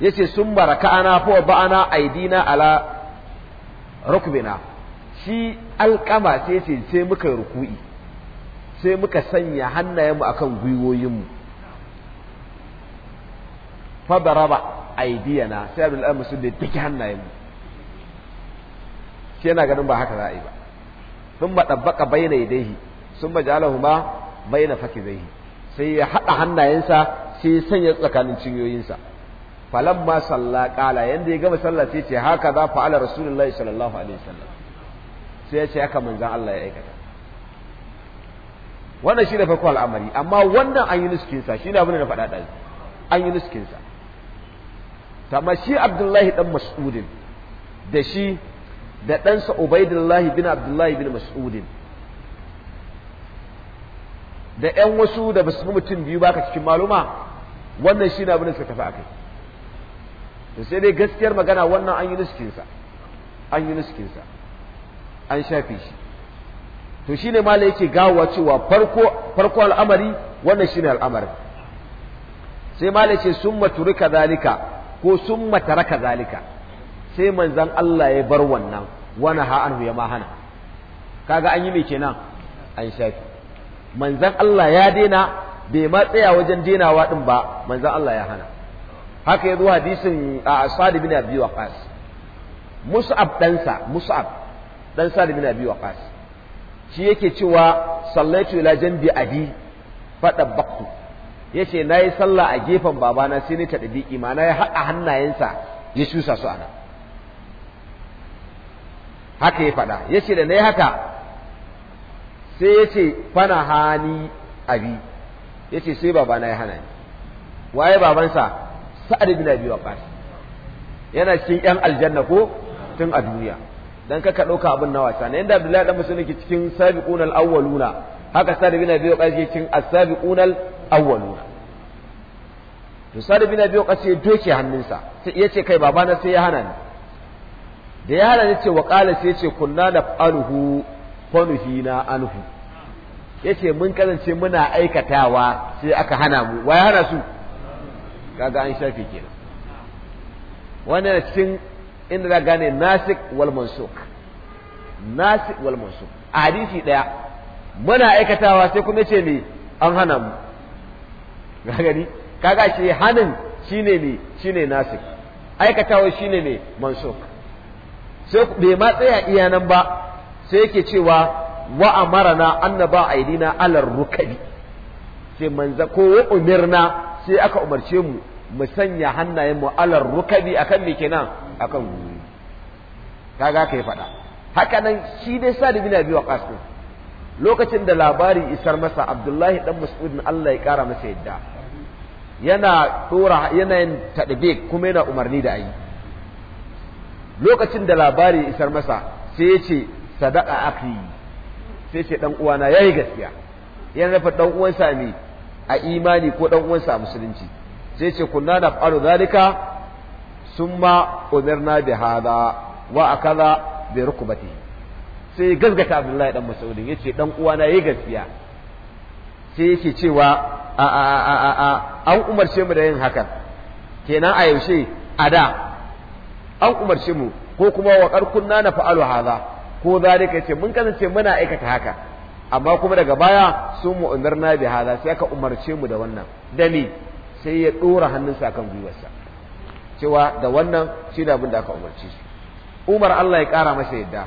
yace sun baraka ana fa ba'ana aidina ala rukbina shi alƙama sai ce sai muka ruku'i sai muka sanya hannayenmu akan gwiwoyinmu fa daraba na sai abin Alim sun da hannayen hannayenmu shi yana ganin ba haka za a yi ba bai na sun ba bayna yadayhi bai na faki zai sai ya haɗa hannayensa sai ya sanya tsakanin cinyoyinsa ma salla ƙala yadda ya gama sallah sai ce haka za fa'ala rasulullahi sallallahu alaihi wasallam sai ya ce haka manzon Allah ya aikata wannan shine farko al'amari amma wannan an yi nuskin sa shine abin da na faɗa ɗazu an yi nuskin sa amma shi Abdullahi dan Mas'udin da shi da ɗansa Ubaidullahi bin Abdullahi bin Mas'udin da ƴan wasu da basu mutum biyu ba ka cikin maluma wannan shi abin da suka tafi a kai to sai dai gaskiyar magana wannan an yi sa an yi sa an shafe shi to ne malai yake gawa cewa farko farko al'amari wannan ne al'amarin sai malai ce maturi turika zalika ko sun taraka zalika sai manzan Allah ya bar wannan wani ha anhu ya mahana kaga an yi mai kenan an shafi manzan Allah ya daina bai ma tsaya wajen denawa din ba manzan Allah ya hana haka ya zo hadisin a Sa'd bin Abi Waqqas Mus'ab ɗansa Mus'ab ɗan Sa'd bin Abi Waqqas shi yake cewa sallaitu ila janbi abi fadabbaqtu yace nayi sallah a gefen babana sai ni tadbiki ma ya haɗa hannayensa ya shusa su ana haka ya faɗa yace da nayi haka sai yace fana hani abi yace sai babana ya hana ni waye babansa sa'ad bin abi waqas yana cikin yan aljanna ko tun a duniya dan kaka ɗauka abin na wasa ne inda Abdullahi dan musulmi yake cikin sabiqun al-awwaluna haka Sa'd bin Abi Waqqas yake cikin as-sabiqun al-awwaluna to Sa'd bin Abi Waqqas ya doke hannunsa sai yace kai babana sai ya hana ni da ya hana ni ce wa qala sai yace kunna naf'aluhu fa nuhina anhu yace mun kasance muna aikatawa sai aka hana mu wa ya hana su kaga an shafe kenan wannan cikin inda za gane nasik wal mansuk nasik wal mansuk a hadisi daya muna aikatawa sai kuma ce ne an hana mu ga gani kaga shi hanin shine ne shine nasik aikatawa shine ne mansuk sai bai ma tsaya iya nan ba sai yake cewa wa amarana annaba aidina alar rukabi sai manza ko umirna sai aka umarce mu mu sanya hannayen mu alar rukabi akan me kenan akan guri kaga kai faɗa haka nan shi dai sadi bin abi waqas lokacin da labari isar masa abdullahi dan mas'ud Allah ya kara masa yadda yana ɗora yana yin kuma yana umarni da ayi lokacin da labari isar masa sai ya ce sadaka akhi sai ce dan uwana yayi gaskiya yana nufin dan uwansa ne a imani ko dan uwansa a musulunci sai ce kunna na faru zalika summa umirna bi hada wa akaza bi rukbati sai gazgata Abdullahi dan ya ce dan uwana yi gaskiya sai yake cewa a a a a a an umarce mu da yin hakan kenan a yaushe a da an umarce mu ko kuma wa kunna na fa'alu hada ko zalika ce mun kasance muna aikata haka amma kuma daga baya sun mu umarna bi hada sai aka umarce mu da wannan da ni sai ya ɗora hannunsa kan gwiwarsa cewa da wannan shi da abin da aka umarci su umar Allah ya ƙara masa yadda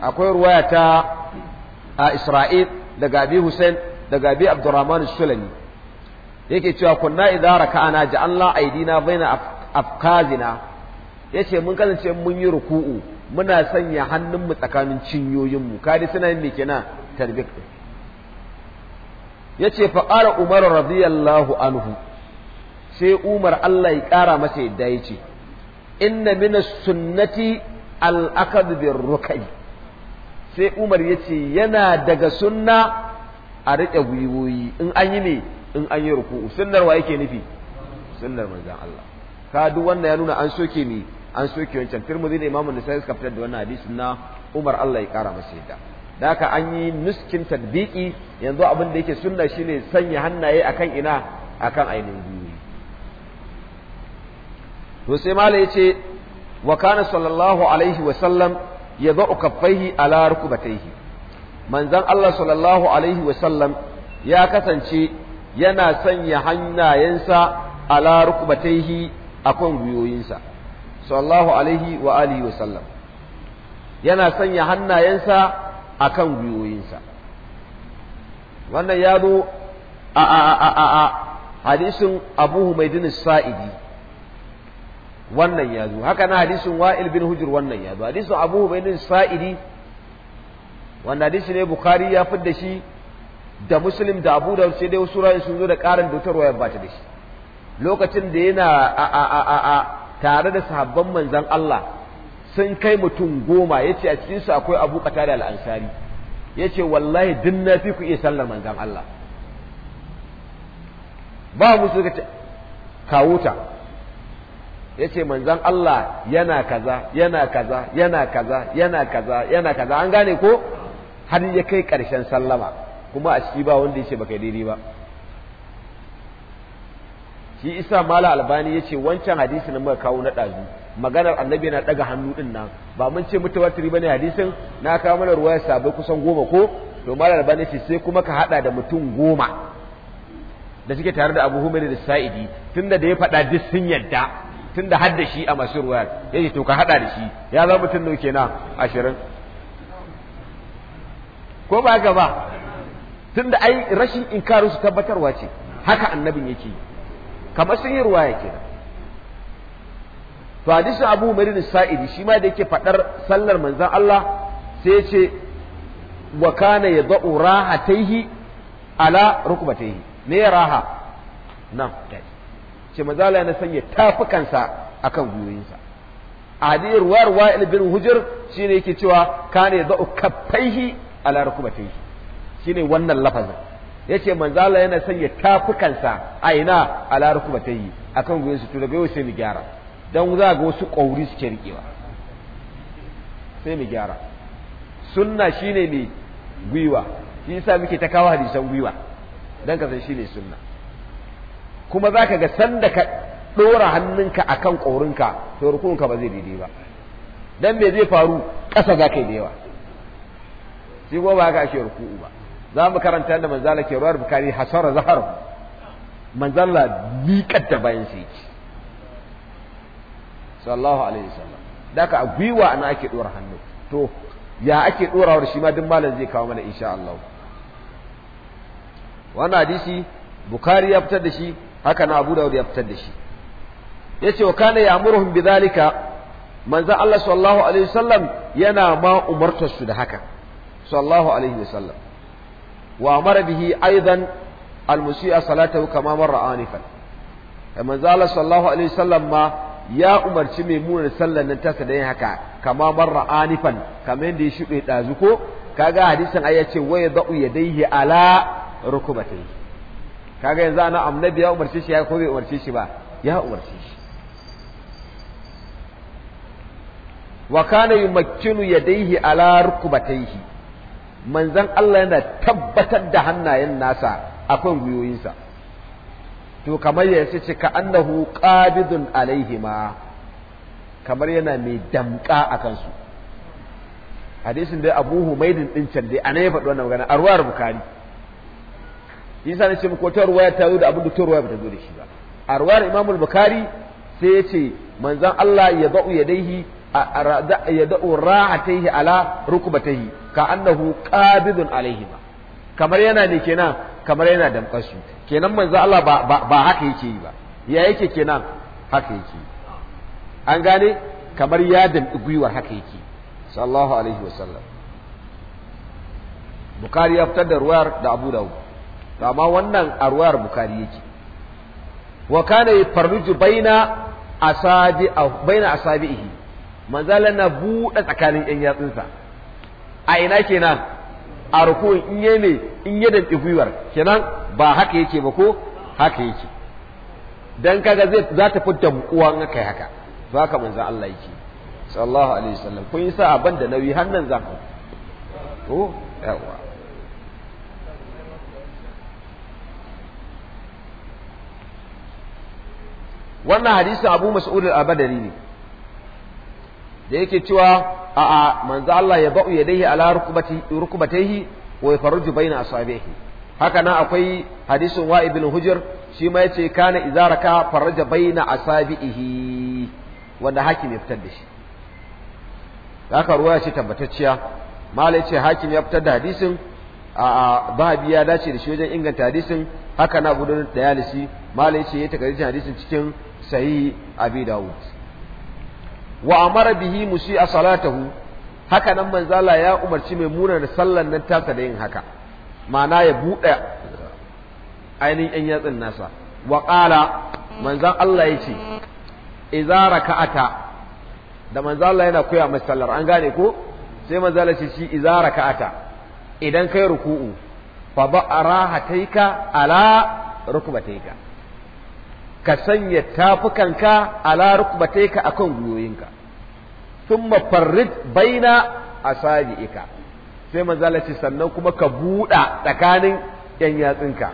akwai ruwaya ta a isra'il daga abi hussein daga abi abdurrahman sulani yake cewa kunna ana ji allah aidina baina afkazina yace mun kasance mun yi ruku'u muna sanya hannunmu tsakanin cinyoyinmu kadi suna yin me kenan tarbik yace fa umar radiyallahu anhu sai Umar Allah ya ƙara masa yadda ya ce inna mina sunnati al'akadu bin rukai sai Umar ya ce yana daga sunna a riƙe gwiwoyi in an yi ne in an yi ruku sunnar wa yake nufi sunnar manzan Allah ka duk wannan ya nuna an soke ni an soke wancan Tirmidhi da imamun da suka fitar da wannan hadisin na Umar Allah ya ƙara masa yadda da haka an yi nuskin tadbiki yanzu abin da yake sunna shine sanya hannaye akan ina akan ainihin biyu to sai malai yace wa kana sallallahu alaihi wa sallam ya yadau kaffaihi ala rukbatayhi manzan Allah sallallahu alaihi wa sallam ya kasance yana sanya hannayensa ala rukbatayhi akan gwiwoyinsa sallallahu alaihi wa alihi wa sallam yana sanya hannayensa akan gwiwoyinsa wannan ya zo a a a a hadisin Abu Humaydin Sa'idi wannan ya zo haka na hadisin wa'il bin hujur wannan ya zo hadisin abu hubainin sa'idi wanda hadisi ne bukhari ya fi da shi da muslim da abu da wasu dai wasu ra'ayi sun zo da karin dotar wayan ba ta da shi lokacin da yana a tare da sahabban manzan Allah sun kai mutum goma ya ce a cikinsu akwai Abu da al'ansari ya ce wallahi din na fi ku iya sallar manzan Allah ba mu ka kawo ta yace manzon Allah yana kaza yana kaza yana kaza yana kaza yana kaza an gane ko har ya kai karshen sallama kuma a ciki ba wanda yace baka daidai ba shi isa mala albani ce wancan hadisi na muka kawo na ɗazu maganar annabi na ɗaga hannu din nan ba mun ce ba ne hadisin na kawo mana ruwaya sabai kusan goma ko to mala albani ce sai kuma ka haɗa da mutum goma da suke tare da Abu Humayd da Sa'idi tunda da ya faɗa duk sun yadda Tun da shi a masu ruwa yace to ka hada da shi ya zama mutum nau kenan ashirin ko ba haka ba tunda ai rashin inkarin su tabbatarwa ce haka annabin yake kamar sun yi ruwa yake to hadisin Abu Umair Sa'idi shi ma da yake faɗar sallar manzon Allah sai ya ce wa kana yad'u rahataihi ala rukbatayhi me raha nan ce mazala na sanya tafukansa kan gwiwoyinsa a hadiyar ruwar wa'il bin shi ne yake cewa kane da'u kaffaihi ala shi ne wannan lafazin yace manzala yana sanya tafukansa a ina ala a kan gwiwoyinsa to daga yau sai mu gyara don za ga wasu kauri suke rikewa sai mu gyara sunna shi ne gwiwa shi yasa muke ta kawo hadisan gwiwa don ka san ne sunna kuma za ka ga sanda ka ɗora hannunka a kan ƙorinka to rukunka ba zai daidai ba dan me zai faru ƙasa za ka yi da yawa shi kuma ba haka ake ruku'u ba za mu karanta yadda manzala ke ruwar bukari hasara zahar manzala miƙar da bayan sai ki Sallahu alaihi wasallam da ka a gwiwa ana ake ɗora hannu to ya ake ɗorawar shi ma duk malam zai kawo mana insha Allah wannan hadisi bukari ya fitar da shi haka na Abu Dawud ya fitar da shi yace wa kana ya'muruhum bidhalika manzo Allah sallallahu alaihi wasallam yana ma su da haka sallallahu alaihi wasallam wa amara bihi aidan almusi'a salatahu kama marra anifan manzo Allah sallallahu alaihi wasallam ma ya umarci mai munar sallar nan tasa da yin haka kama marra anifan kamar yadda ya shuɗe ɗazu ko kaga hadisin ai ya ce ya da'u ala rukubatai. kaga yanzu ana annabi ya umarce shi ya ko bai umarce shi ba ya umarce shi wa kana yumakkinu yadayhi ala rukbatayhi manzon Allah yana tabbatar da hannayen nasa akan wuyoyinsa to kamar ya ce ka annahu qabidun alaihima kamar yana mai damka akan su hadisin dai Abu humaidin din can dai ana ya faɗi wannan magana arwar Bukhari shi yasa nace muku wata ruwaya ta zo da abin da ta ruwaya bata zo da shi ba a ruwayar Imam al-Bukhari sai ya ce manzon Allah ya da'u yadaihi ya da'u ra'ataihi ala rukbataihi ka annahu qabidun ba. kamar yana ne kenan kamar yana damkar su kenan manzon Allah ba ba haka yake yi ba ya yake kenan haka yake an gane kamar ya damƙi gwiwar haka yake sallallahu alaihi wasallam Bukari ya fitar da ruwayar da Abu Dawud to amma wannan a ruwayar bukari yake wa kana yafarruju baina asabi baina asabihi manzala na buɗe tsakanin yan yatsunsa a ina kenan a rukun in yi ne in yi da gwiwar kenan ba haka yake ba ko haka yake dan kaga zai za ta fitta uwa in kai haka to manzo Allah yake sallallahu alaihi wasallam kun yi sa abanda nauyi hannan zaka to yawa wannan hadisin abu mas'ud al badari ne da yake cewa a a manzo Allah ya ba'u yadayhi ala rukbati rukbatayhi wa yafarruju baina asabihi haka nan akwai hadisin wa ibn hujr shi ma yace kana izaraka faraja baina asabihi wanda hakim ya fitar da shi haka ruwa ce tabbatacciya malai ce hakim ya fitar da hadisin a babi ya dace da shi wajen inganta hadisin haka na gudun dayalisi malai ce ya takaricin hadisin cikin sayi abi dawud wa amara bihi musi a salatahu haka nan manzala ya umarci mai da sallan nan tasa da yin haka ma'ana ya buɗe ainihin yan yatsin nasa wa ƙala manzan Allah ya ce idza raka'ata da manzan Allah yana koya mai sallar an gane ko sai manzala ce shi idza raka'ata idan kai ruku'u fa ba'ara hataika ala rukbataika ka sanya tafukanka ala rukbatayka akan gwiwoyinka thumma farrid baina ika sai manzala ce sannan kuma ka buɗa tsakanin yan yatsinka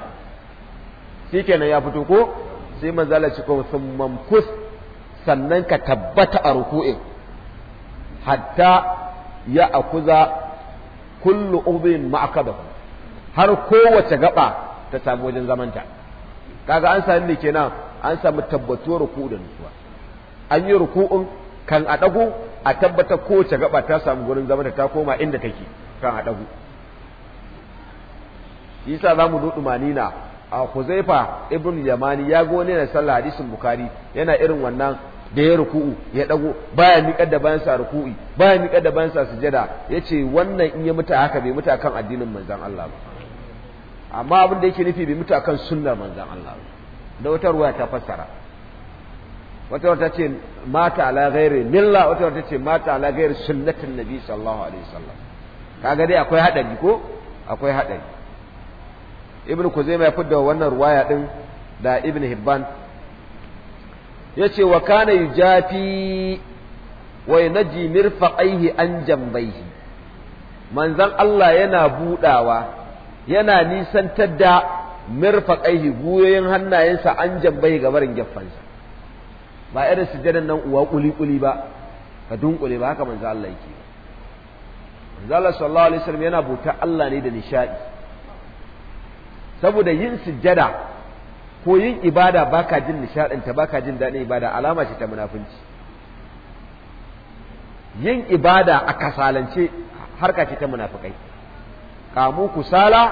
shikenan ya fito ko sai mazalaci ce kuma sun kus sannan ka tabbata a ruku'in hatta ya akuza kullu ubin ma'akadahu har kowace gaba ta samu wajen zamanta kaga an sami ne kenan an samu tabbatuwar ruku da nutsuwa an yi ruku'un kan a ɗagu a tabbatar kowace gaba ta samu gurin zama da ta koma inda take kan a ɗagu yasa za mu duɗu manina a Huzaifa ibn Yamani ya ga na sallah hadisin bukari yana irin wannan da ya ruku'u ya ɗagu, baya miƙar da bayan sa ruku'i baya miƙar da bayan sa sujada ce wannan in ya muta haka bai a kan addinin manzan Allah ba amma abin da yake nufi bai a kan sunnar manzan Allah ba da wata ruwa ta fassara wata wata ce mata ala ghairi milla wata wata ce mata ala ghairi sunnatin nabi sallallahu alaihi wasallam kaga dai akwai hadari ko akwai hadari ibnu kuzaima ya fidda wannan ruwaya din da ibnu hibban yace wa kana yujafi wa yanji mirfaqaihi an jambaihi manzon Allah yana budawa yana nisantar da mirfaqaihi guyoyin hannayensa an jambai ga barin geffansa ba irin sujadan nan uwa kuli kuli ba ka dunkule ba haka manzo Allah yake manzo Allah sallallahu alaihi wasallam yana bauta Allah ne da nishadi saboda yin sujjada ko yin ibada baka jin nishadin ta baka jin dadin ibada alama ce ta munafunci yin ibada a kasalance harka ce ta munafikai kamu kusala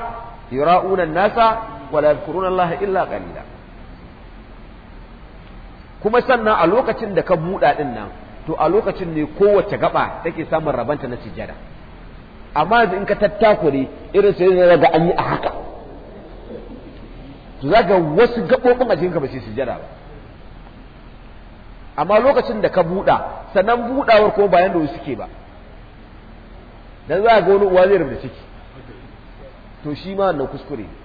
yura'una nasa wala yadhkuruna Allah illa qalila kuma sannan a lokacin da ka buɗa din nan to a lokacin ne kowace gaba take samun rabanta na sijjada amma in ka tattakure irin sai ne daga an yi a haka to zaga wasu gabobin a jikinka ba su sijjada ba amma lokacin da ka buɗa sannan buɗawar kuma bayan da wasu suke ba dan za ga wani uwa zai rubuta ciki to shi ma wannan kuskure ne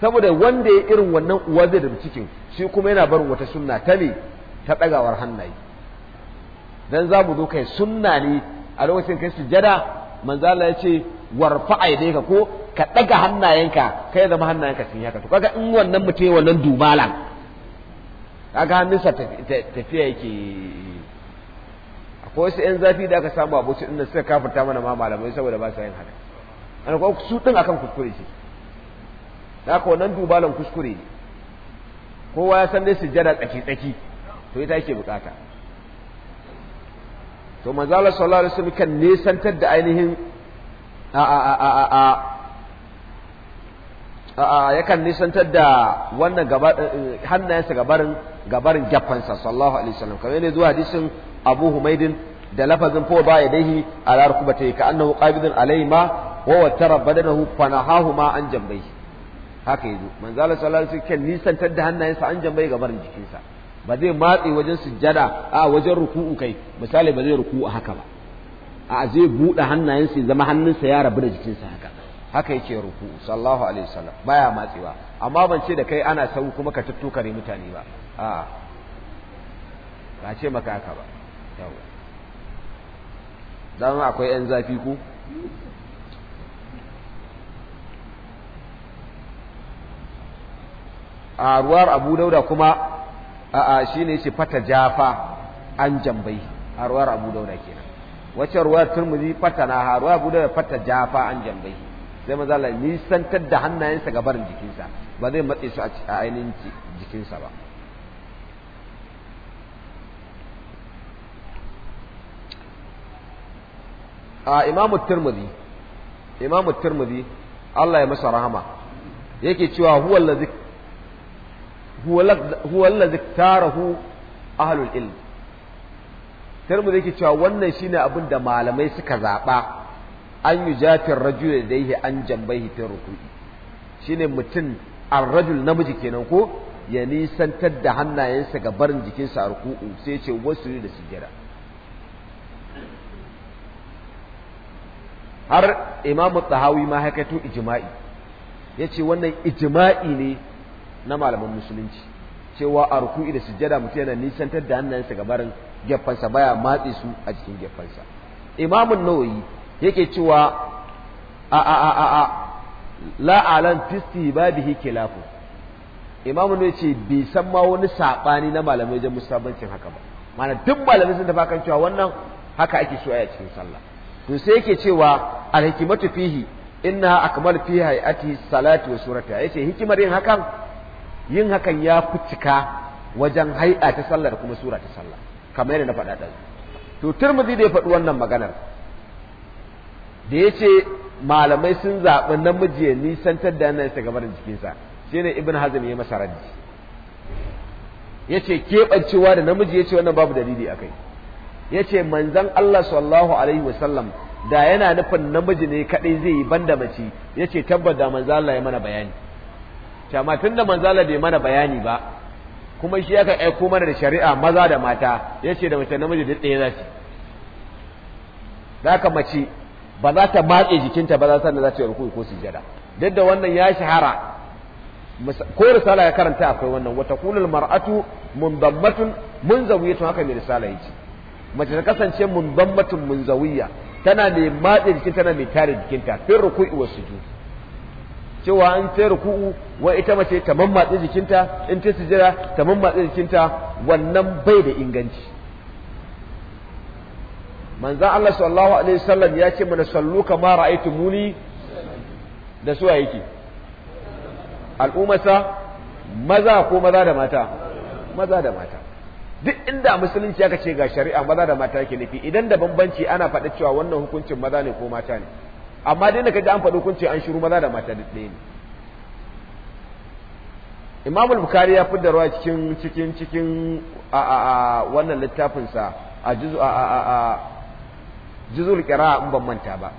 saboda wanda ya irin wannan uwa zai dabi cikin shi kuma yana barin wata sunna ta ne ta ɗagawar hannaye dan za mu zo kai sunna ne a lokacin kai sujada manzala ya ce warfa ka ko ka ɗaga hannayenka kai zama hannayenka sun yaka to kaga in wannan mutum ya wannan dubalan kaga hannunsa tafiya yake akwai wasu 'yan zafi da aka samu a inda suka kafarta mana ma malamai saboda ba su yin haka Ana kuma su ɗin akan kuskure shi haka wannan dubalan kuskure ne kowa ya san dai sujjada tsaki-tsaki to ita yake bukata to manzo Allah sallallahu alaihi wasallam kan nisantar da ainihin a a a a a a a a ya kan nisantar da wannan gaba eh, hannayensa gabarin gabarin jaffansa sallallahu alaihi wasallam kamar ne zuwa hadisin Abu Humaidin da lafazin fa ba yadaihi ala rukbatihi ka annahu qabidun alayma wa wattara badanahu fanahahu ma an jambayhi haka zo manzo Allah sallallahu alaihi wasallam nisantar da hannayensa an jambai gabarin jikinsa ba zai matse wajen sujjada a wajen ruku'u kai misali ba zai ruku'u haka ba a zai buɗe hannayensa ya zama hannunsa ya rabu da jikinsa haka haka yake ruku'u sallallahu alaihi wasallam baya matsewa amma ban ce da kai ana sau kuma ka ne mutane ba a ba ce maka haka ba yawa dama akwai yan zafi ku a ruwar abu dauda kuma a shi ne shi fata jafa an jambai a ruwar abu dauda kenan wacce ruwar turmuzi fata na ha ruwar abu dauda fata jafa an jambai sai maza Allah nisantar da hannayensa ga barin jikinsa ba zai matse su a ainihin jikinsa ba a imamu turmuzi imamu turmuzi Allah ya masa rahama yake cewa huwa lazik huwa allazi tarahu ahlul ilm tarmu yake cewa wannan shine abin da malamai suka zaba an yi jatin rajul da yake an jambai ta ruku'i shine mutum ar namiji kenan ko ya nisantar da hannayensa ga barin jikinsa a ruku'u sai ce wasu da sujjada har imamu tsahawi ma haikato ijma'i ya ce wannan ijma'i ne na malaman musulunci cewa a ruku'i da sujjada mutum yana nisantar da hannayensa gabarin sa baya matse su a cikin sa. imamun nawawi yake cewa a a a a la alan fisti babihi kilafu imamun nawawi ce bai san ma wani sabani na malamai wajen musabancin haka ba mana duk malamai sun tafi kan cewa wannan haka ake so a cikin sallah to sai yake cewa al hikimatu fihi inna akmal fiha hay'ati salati wa Ya yace hikimar yin hakan yin hakan ya fi cika wajen hai'a ta sallah da kuma sura ta sallah kamar yadda na faɗa ɗan to turmuzi da ya faɗi wannan maganar da ya ce malamai sun zaɓi namiji ya nisantar da yanayin sa gabarin jikinsa ne ibn hazm ya masa raddi ce keɓancewa da namiji ce wannan babu dalili a akai ce manzan Allah sallallahu alaihi wasallam da yana nufin namiji ne kaɗai zai yi banda mace Ya ce tabbata manzan Allah ya mana bayani amma tun da manzala bai mana bayani ba kuma shi aka aiko mana da shari'a maza da mata ya ce da mace namiji duk ɗaya za su za ka mace ba za ta matse jikinta ba za ta za ta ruku ko sujada duk da wannan ya shahara ko risala ya karanta akwai wannan wata kulul mar'atu mundammatun munzawiyatun haka mai risala yace mace ta kasance mun munzawiyya tana mai matse jikinta tana mai tare jikinta fi ruku'i wa sujud cewa an sai ruku'u wa ita mace ta mammatse jikinta in ta sujira ta mammatse jikinta wannan bai da inganci manzo Allah sallallahu alaihi wasallam ya ce mana sallu kama ra'aytumuni da su yake al'ummata maza ko maza da mata maza da mata duk inda musulunci aka ce ga shari'a maza da mata yake nufi idan da bambanci ana faɗa cewa wannan hukuncin maza ne ko mata ne amma dai da kaji an faɗo kun ce an shiru maza da mata da ɗaya ne imamul bukari ya fitar ruwa cikin cikin cikin a a a wannan littafin a juzu a a a juzul qira'a in ban manta ba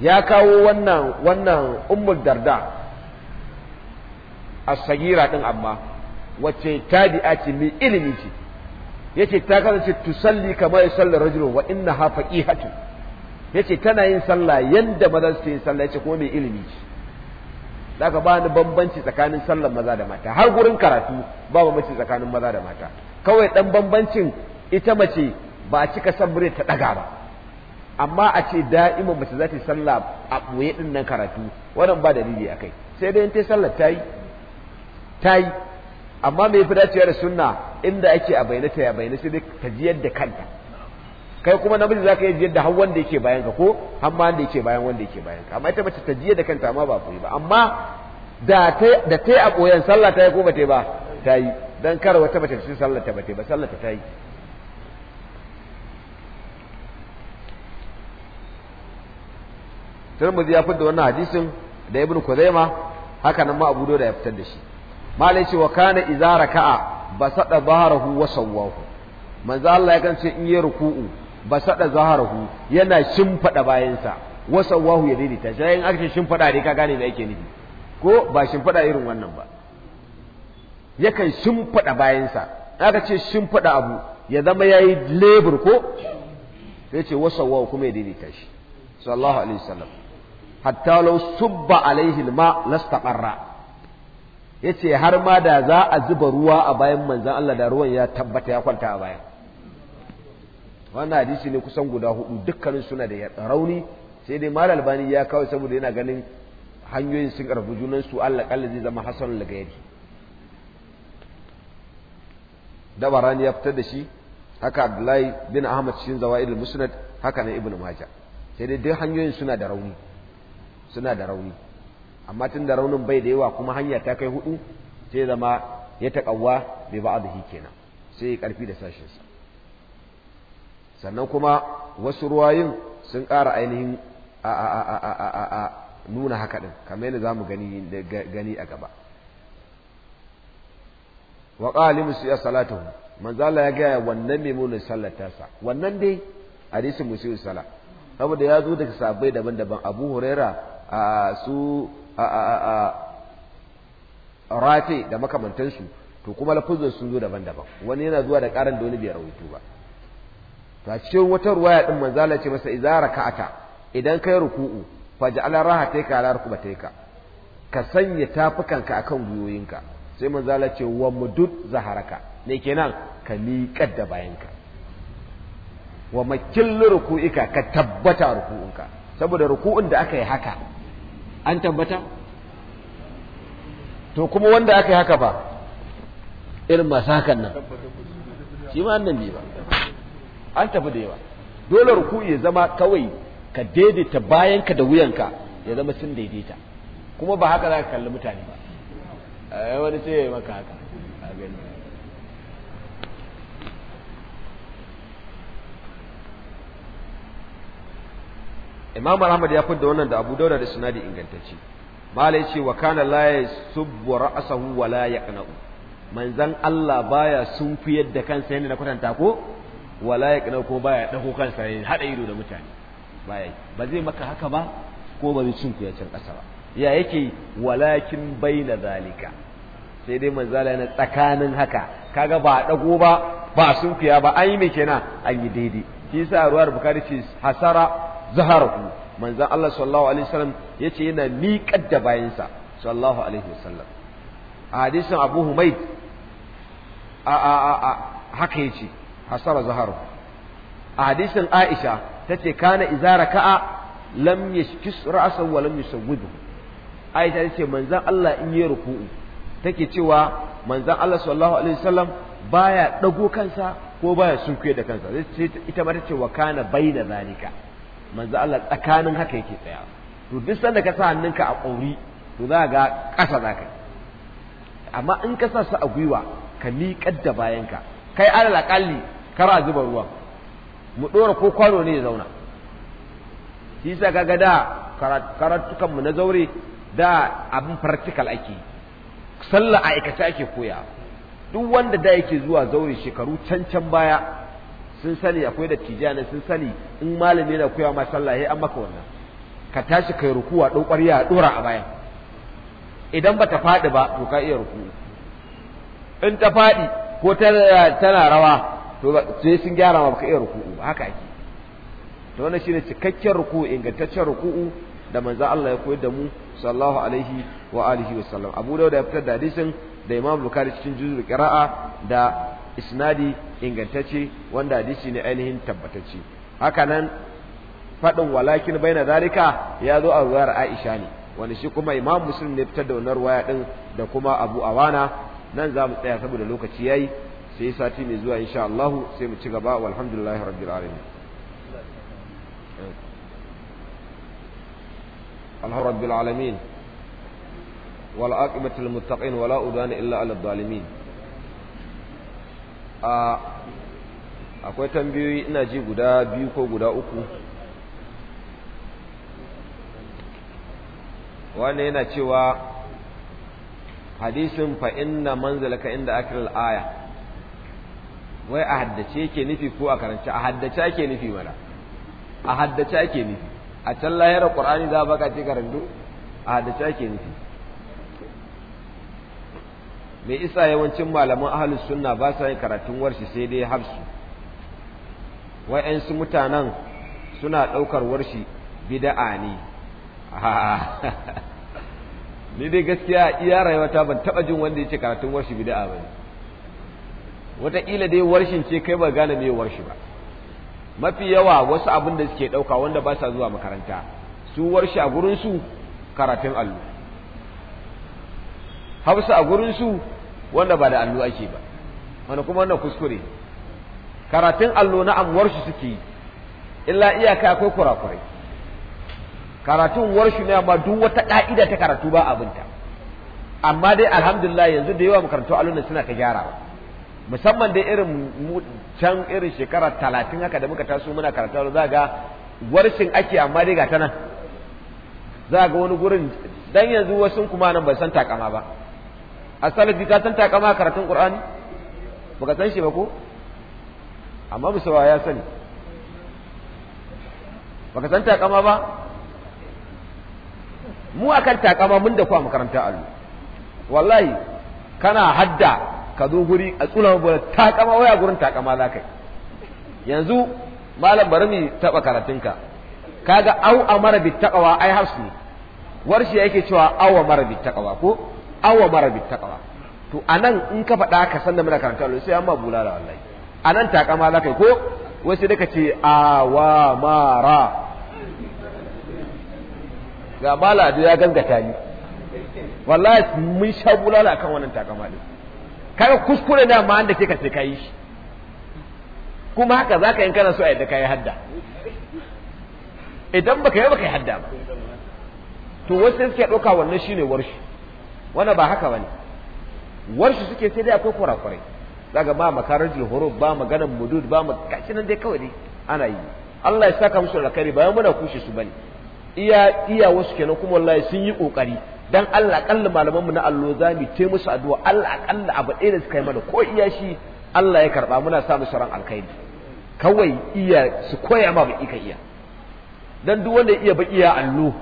ya kawo wannan wannan ummul darda as-sagira din amma wace tabi'a ce mai ilimi ce yace ta kasance tusalli kamar yusalli rajulun wa ha faqihatu yace tana yin sallah yadda maza su yin sallah yace kuma mai ilimi ce zaka ba ni bambanci tsakanin sallar maza da mata har gurin karatu ba mace tsakanin maza da mata kawai dan bambancin ita mace ba a cika sabure ta daga ba amma a ce da'ima mace za ta yi sallah a ɓoye ɗin nan karatu wannan ba dalili a kai sai dai ta yi sallah ta yi ta yi amma mai fi dacewa da sunna inda ake a bayyana ta ya bayyana sai dai ta ji yadda kanta kai kuma namiji za ka yi jiyar da har wanda yake bayan ka ko har ma wanda yake bayan wanda yake bayan ka amma ita mace ta jiya da kanta amma ba koyi ba amma da ta yi a koyan sallah ta yi ko ba ta yi ba ta yi dan kar wata mace ta sallah ta ba ta yi ba sallah ta yi Tirmidhi ya fitar da wannan hadisin da Ibn Kuzaima haka nan ma Abu Dawud ya fitar da shi malai ce wa kana idza raka'a basada bahrahu wa sawwahu manzo Allah ya kance in yi ruku'u basada zaharahu yana shimfada bayansa wasawahu ya daidaita shi in aka shimfada dai ka gane me ake nufi ko ba shimfada irin wannan ba yakan shimfada bayansa aka ce shimfada abu ya zama yayi lebur ko sai ce wasawahu kuma ya daidaita shi sallallahu alaihi wasallam hatta law subba alaihi alma lastaqarra yace har ma da za a zuba ruwa a bayan manzon Allah da ruwan ya tabbata ya kwanta a bayan wannan hadisi ne kusan guda hudu dukkanin suna da rauni sai dai mal albani ya kawo saboda yana ganin hanyoyin sun karfi junan su Allah kalla zai zama hasan lagayri dabarani ya fitar da shi haka Abdullahi bin Ahmad cikin idil musnad haka na Ibn Majah sai dai duk hanyoyin suna da rauni suna da rauni amma tun da raunin bai da yawa kuma hanya ta kai hudu sai zama ya taƙawa bai ba'adhi kenan sai ya karfi da sashinsa sannan kuma wasu ruwayin sun ƙara ainihin a nuna haka ɗin kamar yadda za mu gani a gaba wa ƙali musu ya salatu manzala ya gaya wannan mai munin sallar sa, wannan dai hadisin musu ya sala saboda ya zo daga sabai daban-daban abu huraira a su a a a da makamantansu to kuma lafuzin sun zo daban-daban wani yana zuwa da ƙarin da wani bai rawaito ba ta ce cikin wata ruwaya din manzo Allah ce masa idza raka'ata idan kai ruku'u faj'al rahatayka ala yi ka ka sanya tafukanka akan ka sai manzala ce wa mudud zaharaka ne kenan ka miƙa da bayanka wa makil ruku'ika ka tabbata ruku'unka saboda ruku'un da aka yi haka an tabbata to kuma wanda aka yi haka ba irin masu hakan nan shi ma annabi ba an tafi da yawa dole ku ya zama kawai ka daidaita bayanka da wuyanka ya zama sun daidaita kuma ba haka za ka kalli mutane ba eh, wani ce ya maka haka a gani imam ahmad ya fidda wannan da abu dauda da sinadi ingantacce malai ce wa kana la yasubbu ra'sahu wa la yaqna'u manzan Allah baya sunfiyar da kansa yana na kwatanta ko wala ya kina ko baya dako kansa ya hada ido da mutane baya ba zai maka haka ba ko ba zai ku ya cin kasa ba ya yake walakin baina zalika sai dai manzala yana tsakanin haka kaga ba dago ba ba ya ba an yi me kenan an yi daidai shi yasa ruwar bukari ce hasara zaharu manzan Allah sallallahu alaihi wasallam yace yana miƙar da bayansa sallallahu alaihi wasallam a hadisin Abu Humayd a a a haka yace hasara zaharu a hadisin Aisha tace kana izara raka'a lam yashkis ra'sahu wa lam yusawwidu Aisha tace manzon Allah in yi ruku'u take cewa manzon Allah sallallahu alaihi wasallam baya dago kansa ko baya sunkuye da kansa ita ma tace wa kana baina zalika manzon Allah tsakanin haka yake tsaya to duk sanda ka sa hannunka a kauri to za ga ƙasa za ka amma in ka sa su a gwiwa ka miƙar da bayanka kai alal kar a zuba ruwa mu ɗora ko kwano ne ya zauna shi ka kaga da karatukan na zaure da abin practical ake sallah a aikace ake koya duk wanda da yake zuwa zaure shekaru can can baya sun sani akwai da tijani sun sani in malami yana koya ma sallah yayi an maka wannan ka tashi kai rukuwa dau ƙwarya a ɗora a bayan idan ba ta faɗi ba to ka iya ruku in ta faɗi ko tana rawa to sai sun gyara ma baka iya ruku'u ba haka ake to wannan shine cikakken ruku'u ingantaccen ruku'u da manzo Allah ya koyar da mu sallallahu alaihi wa alihi wa sallam Abu dauda ya fitar da hadisin da Imam bukari cikin juzul qira'a da isnadi ingantacce wanda hadisi ne ainihin tabbatacce haka nan fadin walakin baina zalika ya zo a ruwayar Aisha ne wani shi kuma Imam Muslim ne fitar da wannan ruwaya din da kuma Abu Awana nan za mu tsaya saboda lokaci yayi sai sati mai zuwa insha Allahu, sai mu ci gaba walhamdulillahi rabbil alamin الله رب العالمين والعاقبة للمتقين ولا أدان إلا على الظالمين akwai tambayoyi ina ji guda biyu ko guda uku wannan yana cewa hadisin fa inna manzalaka inda akil aya wai a haddace yake nufi ko a karance a haddace ake nufi mana a haddace ake nufi a can lahirar ƙur'ani za baka ce karandu a haddace ake nufi me isa yawancin malaman ahalus sunna ba sa yin karatun warshi sai dai hafsu wa'yansu mutanen suna ɗaukar warshi bida'a ne (laughs) ni dai gaskiya iya rayuwata ban taɓa jin wanda ya ce karatun warshi bida'a ba ne wataƙila dai warshin ce kai ba gane mai warshi ba mafi yawa wasu abin da suke ɗauka wanda ba sa zuwa makaranta su warshi a gurinsu karatun allo hausa a gurinsu wanda ba da allo ake ba wanda kuma wanda kuskure karatun allo na amwarshi suke yi illa iyaka akwai kurakurai karatun warshi ne amma duk wata ƙa'ida ta karatu ba abinta amma dai alhamdulillah yanzu da yawa makarantu allo suna ta gyarawa musamman da irin can irin shekara talatin haka da muka taso muna karatu za ga warshin ake amma dai ga ta za ga wani gurin dan yanzu wasu kuma nan ban san takama ba a salafi ka san takama karatun qur'ani baka san shi ba ko amma musawa ya sani baka san takama ba mu akan takama mun da kwa makaranta allo wallahi kana hadda ka zo guri a tsula bola takama waya gurin takama za ka yanzu malam bari mu taba karatunka kaga au amara bi taqwa ai harsu ne warshi yake cewa awa mara bi taqwa ko awa mara bi taqwa to anan in ka faɗa ka san da muna karanta sai amma bulala wallahi anan takama za ka ko wai sai daka ce awa mara ga da ya gangata ni wallahi mun sha bulala kan wannan takama din kaga kuskure da ma da kika sai kai shi kuma haka zaka yin kana so a yadda kai hadda idan baka yi baka yi hadda ba to wasu sai suke ɗauka wannan shine warshi wanda ba haka bane warshi suke sai dai akwai kurakurai zaga ba makarajul huruf ba maganan mudud ba makashi nan dai kawai dai ana yi Allah ya saka musu alkhairi bayan muna kushe su bane iya iya wasu kenan kuma wallahi sun yi kokari dan Allah akalla malamanmu na allo za mu te musu addu'a Allah akalla abu ɗaya da suka yi mana ko iya shi Allah ya karba muna sa musu ran alkhairi kawai iya su koya ma baki ka iya dan duk wanda iya baki ya allo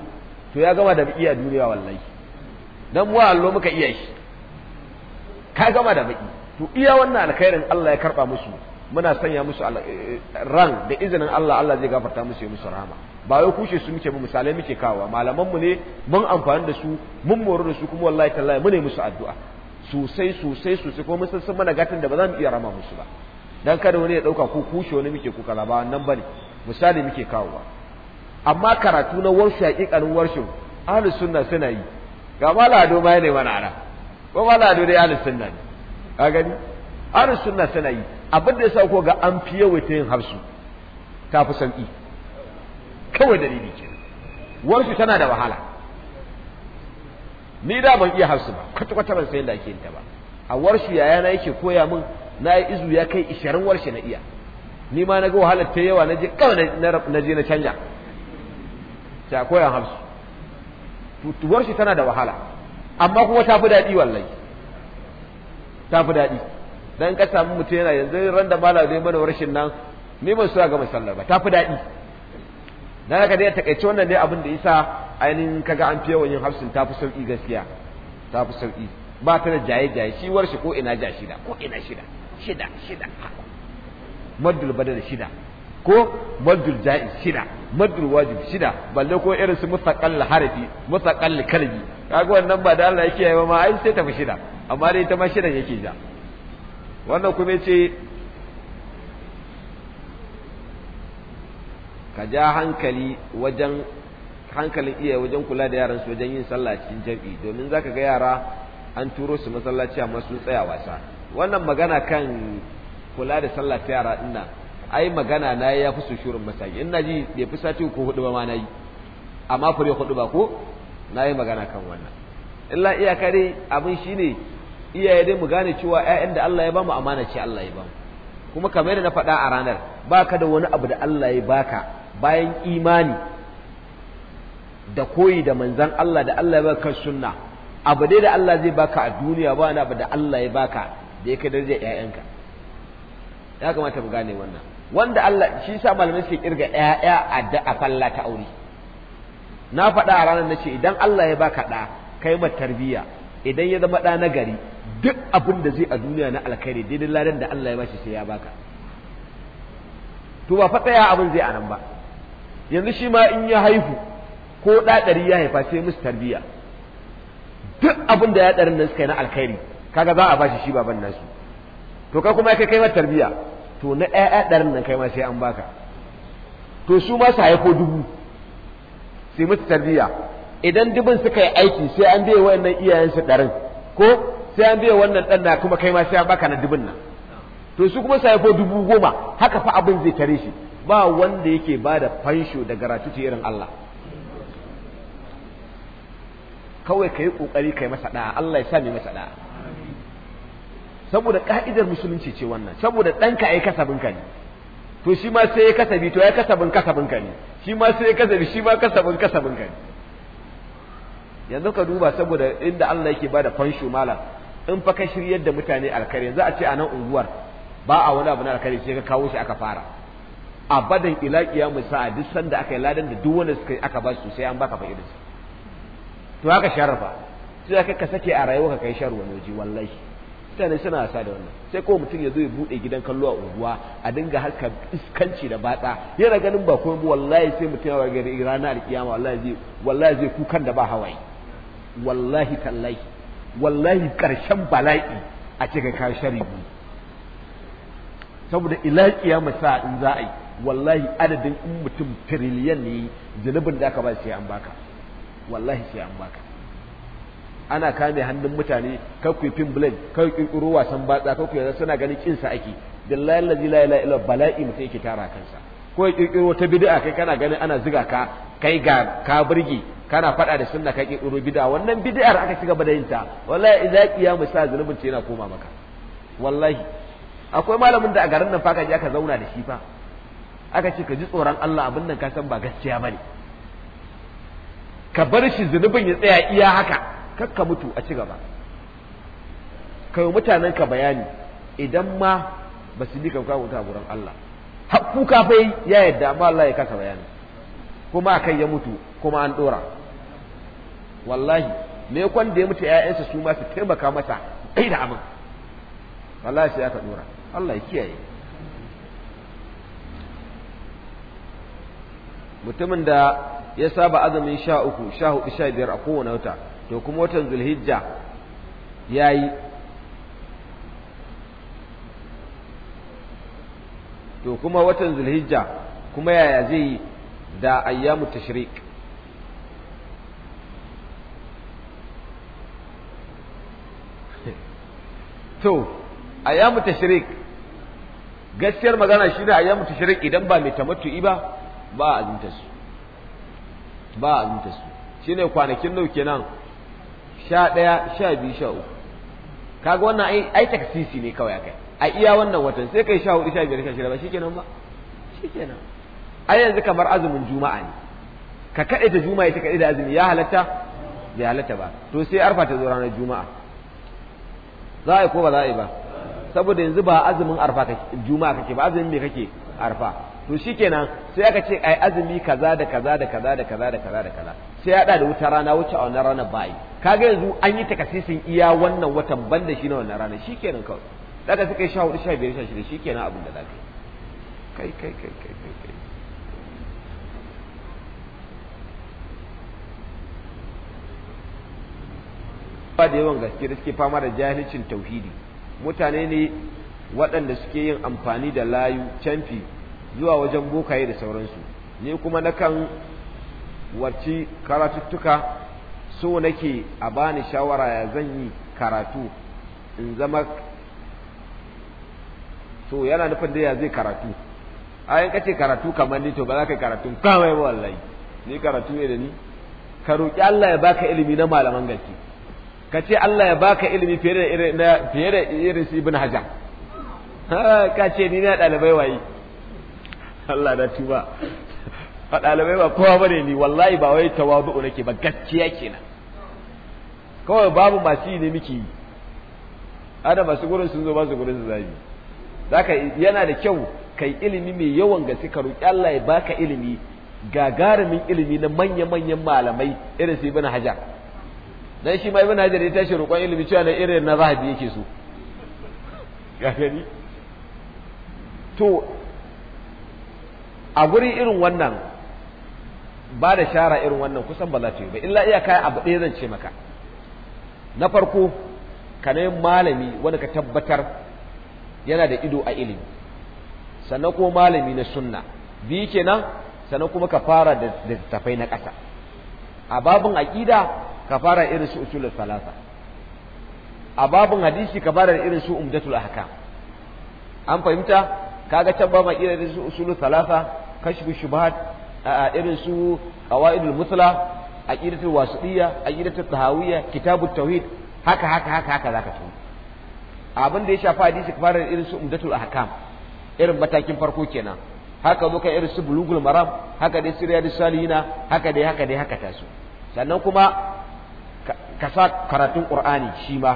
to ya gama da baki a duniya wallahi dan mu allo muka iya shi ka gama da baki to iya wannan alkhairin Allah ya karba musu muna sanya musu eh, ran da izinin Allah Allah zai gafarta musu ya musu rahama ba wai kushe su muke ba misalai muke kawa malaman mu ne mun amfani da su mun moru da su kuma wallahi tallahi mu ne musu addu'a sosai sosai sosai kuma mun san mana gatin da ba za mu iya rama musu ba dan kada wani ya dauka ko kushe wani muke kuka ba wannan bane misali muke kawowa amma karatu na warshe hakikanin warshe ahli sunna suna yi ga malado ma ne mana ara ko malado dai ahli sunna ne ka gani ahli sunna suna yi abin da yasa ko ga an fiye wata yin harsu ta fi sauki kawai dalili ke warshi tana da wahala ni da ban iya harsu ba kwata kwata ban san da ake yin ta ba a warshi yaya na yake koya min na yi izu ya kai ishirin warshi na iya ni ma na ga wahalar ta yawa na je kawai na je na canja ta koyan harsu Warshi tana da wahala amma kuma ta fi daɗi wallahi ta fi daɗi dan ka samu mutum yana yanzu ran da malam zai mana warshin nan ni ban so ga masallar ba ta fi daɗi na ga dai takaice wannan dai abin da yasa ainihin kaga an fiye yin hafsin ta fi sauki gaskiya ta fi sauki ba ta da jaye jaye shi war shi ko ina ja shida ko ina shida shida shida maddul badal shida ko maddul jaiz shida maddul wajib shida balle ko irin su mutaqall harfi mutaqall kalbi kaga wannan ba da Allah yake yi ba ma ai sai tafi shida amma dai ta ma shida yake ja wannan kuma yace ka ja hankali wajen hankalin iyaye wajen kula da yaransu wajen yin sallah cikin jam'i domin zaka ga yara an turo su masallaci amma sun tsaya wasa wannan magana kan kula da sallah ta yara ina ai magana na ya fi su shurin masaki ina ji bai fi sati ko hudu ba ma na yi amma fure hudu ba ko na yi magana kan wannan illa iyaka dai abin shine iyaye dai mu gane cewa ƴaƴan da Allah ya bamu amana ce Allah ya bamu kuma kamar yadda na faɗa a ranar baka da wani abu da Allah ya baka bayan imani da koyi da manzan Allah da Allah ya baka sunna abu dai da Allah zai baka a duniya ba na abu da Allah ya baka da ya kai darajar ƴaƴanka ya kamata mu gane wannan wanda Allah shi sa malamai suke kirga ƴaƴa a falla ta aure na faɗa a ranar na ce idan Allah ya baka ɗa kai ma tarbiyya idan ya zama ɗa na gari duk abin da zai a duniya na alkhairi daidai ladan da Allah ya bashi sai ya baka to ba ya tsaya abin zai a nan ba yanzu shi ma in ya haihu ko ɗaɗari ya haifa sai musu tarbiyya duk abin da ɗarin nan suka yi na alkhairi kaga za a bashi shi baban nasu to kai kuma kai kai ma tarbiyya to na ɗaya ɗarin nan kai ma sai an baka to su ma su haifo dubu sai musu tarbiyya idan dubin suka yi aiki sai an biya wayannan iyayensu ɗarin ko sai an biya wannan ɗan na kuma kai ma sai an baka na dubin nan to su kuma su haifo dubu goma haka fa abin zai tare shi ba wanda yake ba da fansho da gratuity irin Allah kawai ka yi ƙoƙari ka yi masa ɗaya Allah ya sami masa ɗaya saboda ƙa'idar musulunci ce wannan saboda ɗanka ya yi kasabin ka ne to shi ma sai ya kasabi to ya kasabin kasabin ka ne shi ma sai ya kasabi shi ma kasabin kasabin ka ne yanzu ka duba saboda inda Allah yake bada fansho malam in fa ka shiryar da mutane alkhairi za a ce a nan unguwar ba a wani abu na alkhairi sai ka kawo shi aka fara A badan ila qiyamul sa'a duk sanda aka yi ladan da duk wanda suka yi aka ba su sai an baka fa'irin su to haka sharafa sai aka ka sake a rayuwa ka kai sharuwa ne wallahi mutane suna wasa da wannan sai ko mutum ya zo ya bude gidan kallo a unguwa a dinga harka iskanci da batsa yana ganin ba komai wallahi sai mutum ya ga rana alkiyama wallahi zai wallahi zai kukan da ba hawaye wallahi tallahi wallahi karshen bala'i a cikin ka sharri saboda ila kiyama sa in za a yi wallahi adadin in mutum tiriliyan ne zunubin da aka ba sai an baka wallahi sai an baka ana kame hannun mutane kai ku fin blade kai ku kuro wasan batsa kai ku suna ganin kinsa ake billahi allazi la ilaha illa bala'i mutai yake tara kansa ko ya kirkiro ta bid'a kai kana ganin ana ziga ka kai ga ka burge kana fada da sunna kai kirkiro bid'a wannan bid'ar aka ci gaba da yin wallahi idza qiyamu sa zinubin ce yana koma maka wallahi akwai malamin da a garin nan fa ka je aka zauna da shi fa aka ce ka ji tsoron Allah abin nan ka san ba gaskiya bane ka bar shi zunubin ya tsaya iya haka kar ka mutu a ci gaba ka yi mutanen ka bayani idan ma ba su dika ka mutu a Allah hakku ka ya yadda amma Allah ya kasa bayani kuma akan ya mutu kuma an dora wallahi me kwan da ya mutu 'ya'yansa su ma su taimaka masa kai da amin wallahi sai aka dora Allah ya kiyaye mutumin da ya saba azumin sha uku sha hudu sha biyar a kowane wata to kuma watan zulhijja ya yi to kuma watan zulhijja kuma yaya zai yi da ayyamu tashrik (laughs) to ayyamu tashrik gaskiyar magana shi da ayyamu tashrik idan ba mai tamattu'i ba ba azumta su ba azumta su shine kwanakin nau kenan sha ɗaya sha biyu sha uku kaga wannan ai ai taksisi ne kawai akai a iya wannan watan sai kai sha hudu sha biyar sha shida ba shikenan ba shikenan ai yanzu kamar azumin juma'a ne ka kaɗe ta juma'a ita kaɗe da azumi ya halatta bai halatta ba to sai arfa ta zo ranar juma'a za a yi ko ba za a yi ba saboda yanzu ba azumin arfa juma'a kake ba azumin me kake arfa to shikenan sai aka ce ai azumi kaza da kaza da kaza da kaza da kaza da kaza sai ya da wuta rana wuce a wannan ranar ba'i kaga yanzu an yi takasisin iya wannan watan banda shi na wannan ranar shikenan kawai daga suka yi sha hudu sha biyar sha shida shikenan abin da za ka kai kai kai kai kai kai ba da yawan gaske da suke fama da jahilcin tauhidi mutane ne waɗanda suke yin amfani da layu canfi zuwa wajen bokaye da sauransu ni kuma nakan wacce karatuttuka so nake a bani shawara ya zan yi karatu in zama so yana nufin da ya zai karatu A ayan kace karatu kamar ni to ba za ka karatu kawai ba wallahi ni karatu ne da ni ka roƙi Allah ya baka ilimi na malaman gaske ka ce Allah ya baka ilimi fiye da irin fiye su ibn hajar ka ce ni na dalibai waye Allah na tuba a ɗalibai ba kowa bane ni wallahi ba wai tawadu'u nake ba gaskiya kenan kawai babu masu yi ne miki yi ada masu gurin sun zo ba su gurin su zabi zaka yana da kyau kai ilimi mai yawan gaske ka roki Allah ya baka ilimi gagarumin ilimi na manya-manyan malamai irin su ibn hajar dan shi ma ibn hajar ya tashi roƙon ilimi cewa na irin na zahabi yake so Ya gani to a guri irin wannan ba da shara irin wannan kusan ba za ta yi ba illa iya kai abu ɗaya zan ce maka na farko ka nemi malami wanda ka tabbatar yana da ido a ilimi sannan kuma malami na sunna biyu kenan sannan kuma ka fara da tafai na ƙasa a babin aƙida ka fara irin su usul salasa a babin hadisi ka fara irin su umdatul ahkam an fahimta kaga can ba ma kira su usulu salasa kashfu a irin su qawaidul musla aqidatul wasidiyya aqidatul tahawiyya kitabut tauhid haka haka haka haka zaka ci abin da ya shafa hadisi fara irin su umdatul ahkam irin matakin farko kenan haka kan irin su bulugul maram haka dai su da salihina haka dai haka dai haka tasu sannan kuma ka sa karatun qur'ani shi ma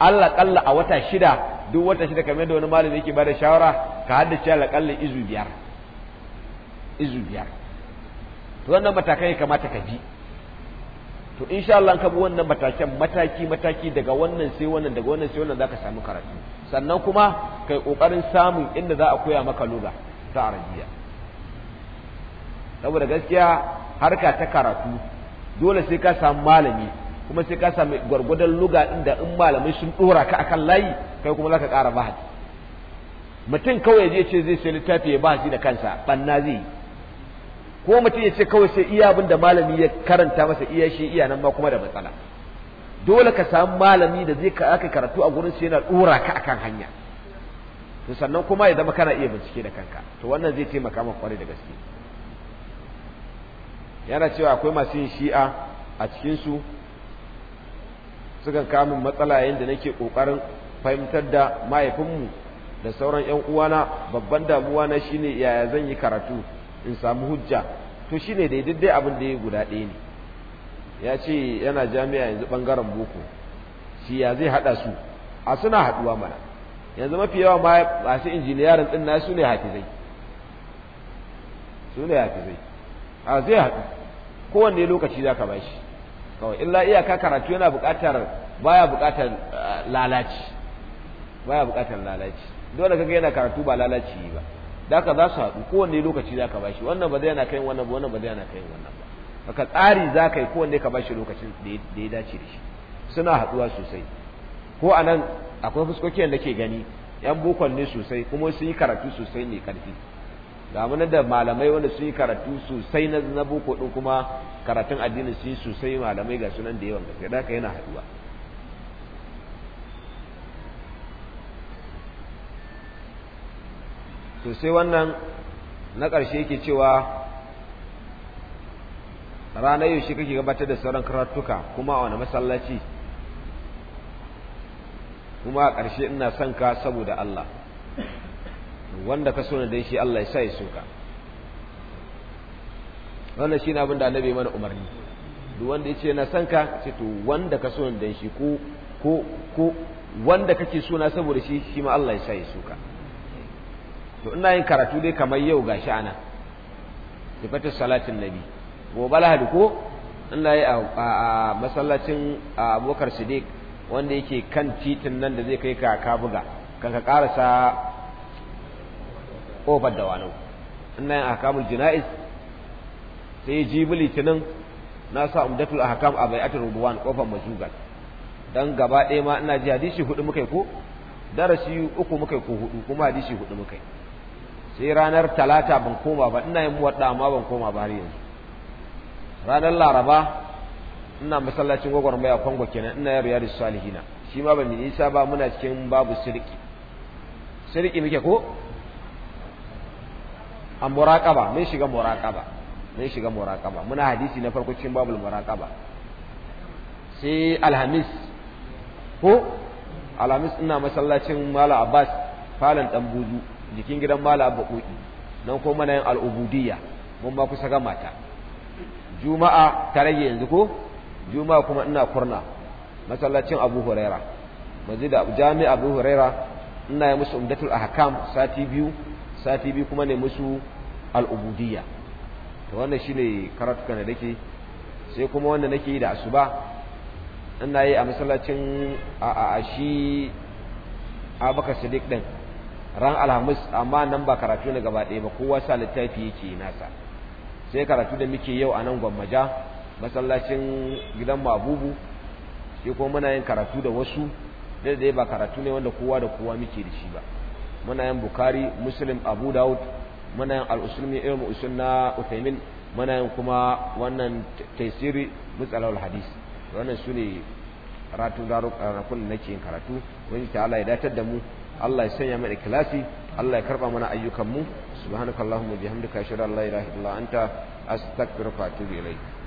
Allah kalla a wata shida duk wata shida kamar da wani malami yake bada shawara ka haddace alaƙalla izu biyar izu biyar to wannan matakan ya kamata ka ji to insha Allah ka bi wannan matakan mataki mataki daga wannan sai wannan daga wannan sai wannan zaka samu karatu sannan kuma kai kokarin samun inda za a koya maka lugha ta arabiya saboda gaskiya harka ta karatu dole sai ka samu malami kuma sai ka samu gwargwadon lugha inda in malamai sun dora ka akan layi kai kuma zaka ƙara bahati. mutum kawai zai ce zai sai littafi ya ba shi da kansa banna zai yi ko mutum ya ce kawai sai iya abin da malami ya karanta masa iya shi iya nan ma kuma da matsala dole ka samu malami da zai aka karatu a gurin sai yana dora ka akan hanya to sannan kuma ya zama kana iya bincike da kanka to wannan zai taimaka maka kwarai da gaske yana cewa akwai masu yin shi'a a cikin sukan kamun matsala yayin da nake kokarin fahimtar da mahaifinmu da sauran ƴan uwana babban damuwa na shine yaya zan yi karatu in samu hujja to shine da duk abin da ya guda ɗaya ne ya ce yana jami'a yanzu bangaren boko shi ya zai haɗa su a suna haɗuwa mana yanzu mafi yawa ma masu injiniyarin ɗin na su ne hafizai su ne hafizai a zai haɗu kowanne lokaci za ka ba shi kawai illa iyaka karatu yana buƙatar baya buƙatar ah, lalaci baya buƙatar lalaci dole kaga yana karatu ba lalaci ba ka za su haɗu kowanne lokaci za ba bashi wannan ba zai yana kai wannan ba wannan ba zai yana kai wannan ba haka tsari za ka yi kowanne ka bashi lokacin da ya dace da shi suna haɗuwa sosai ko a nan akwai fuskokin da ke gani yan bokon ne sosai kuma su yi karatu sosai mai karfi ga mana da malamai wanda su yi karatu sosai na boko ɗin kuma karatun addini su yi sosai malamai ga sunan da yawan gaske da yana haɗuwa to sai wannan na ƙarshe yake cewa ranar yaushe kake gabatar da sauran karatuka kuma a wani masallaci kuma a ƙarshe ina son ka saboda Allah wanda ka so na dan shi Allah ya sa ya soka wannan shi na abin da annabi mana umarni duk wanda ya ce na son ka ce to wanda ka so na dan shi ko ko ko wanda kake so na saboda shi shi ma Allah ya sa ya soka to ina yin karatu dai kamar yau gashi ana sifatar salatin nabi gobe lahadi ko ina yi a masallacin abokar siddiq wanda yake kan titin nan da zai kai ka ka buga kan ka karasa kofar da wani ina yin ahkamul jina'iz sai jibi litinin na sa umdatul ahkam a bai'atul rubuwan kofar majugal dan gaba ɗaya ma ina ji hadisi hudu muka yi ko darasi uku muka yi ko hudu kuma hadisi hudu muka yi sai ranar talata ban koma ba ina yin muwadda amma ban koma ba har yanzu ranar laraba ina masallacin gwagwarmaya kwango kenan ina yin riyadu salihina shi ma ba mai isa ba muna cikin babu sirki sirki muke ko a muraƙaba mun shiga muraƙaba mun shiga muraƙaba muna hadisi na farko cikin babul muraƙaba sai alhamis ko alhamis ina masallacin mala abbas falon dan buzu jikin gidan malam abu kudi nan ko mana yin al'ubudiyya mun ba kusa gama ta juma'a ta rage yanzu ko juma'a kuma ina kurna masallacin abu huraira da jami abu huraira ina yi musu umdatul ahkam sati biyu sati biyu kuma ne musu al'ubudiyya to wannan shine karatukan da dake sai kuma wanda nake yi da asuba ina yi a masallacin a shi abakar sadiq din ran alhamis amma nan ba karatu ne gaba ɗaya ba kowa sa littafi yake nasa sai karatu da muke yau a nan gwammaja masallacin gidan mabubu shi kuma muna yin karatu da wasu da dai ba karatu ne wanda kowa da kowa muke da shi ba muna yin bukari muslim abu daud muna yin al'usulmi ilmu usul na uthaymin muna yin kuma wannan taisiri mutsalawar hadis wannan su ne ranakun da nake yin karatu wani ta Allah ya datar da mu Allah ya sanya mana ikhlasi Allah ya karba mana ayyukan mu subhanakallahumma bihamdika ashhadu an la ilaha illa anta astaghfiruka wa atubu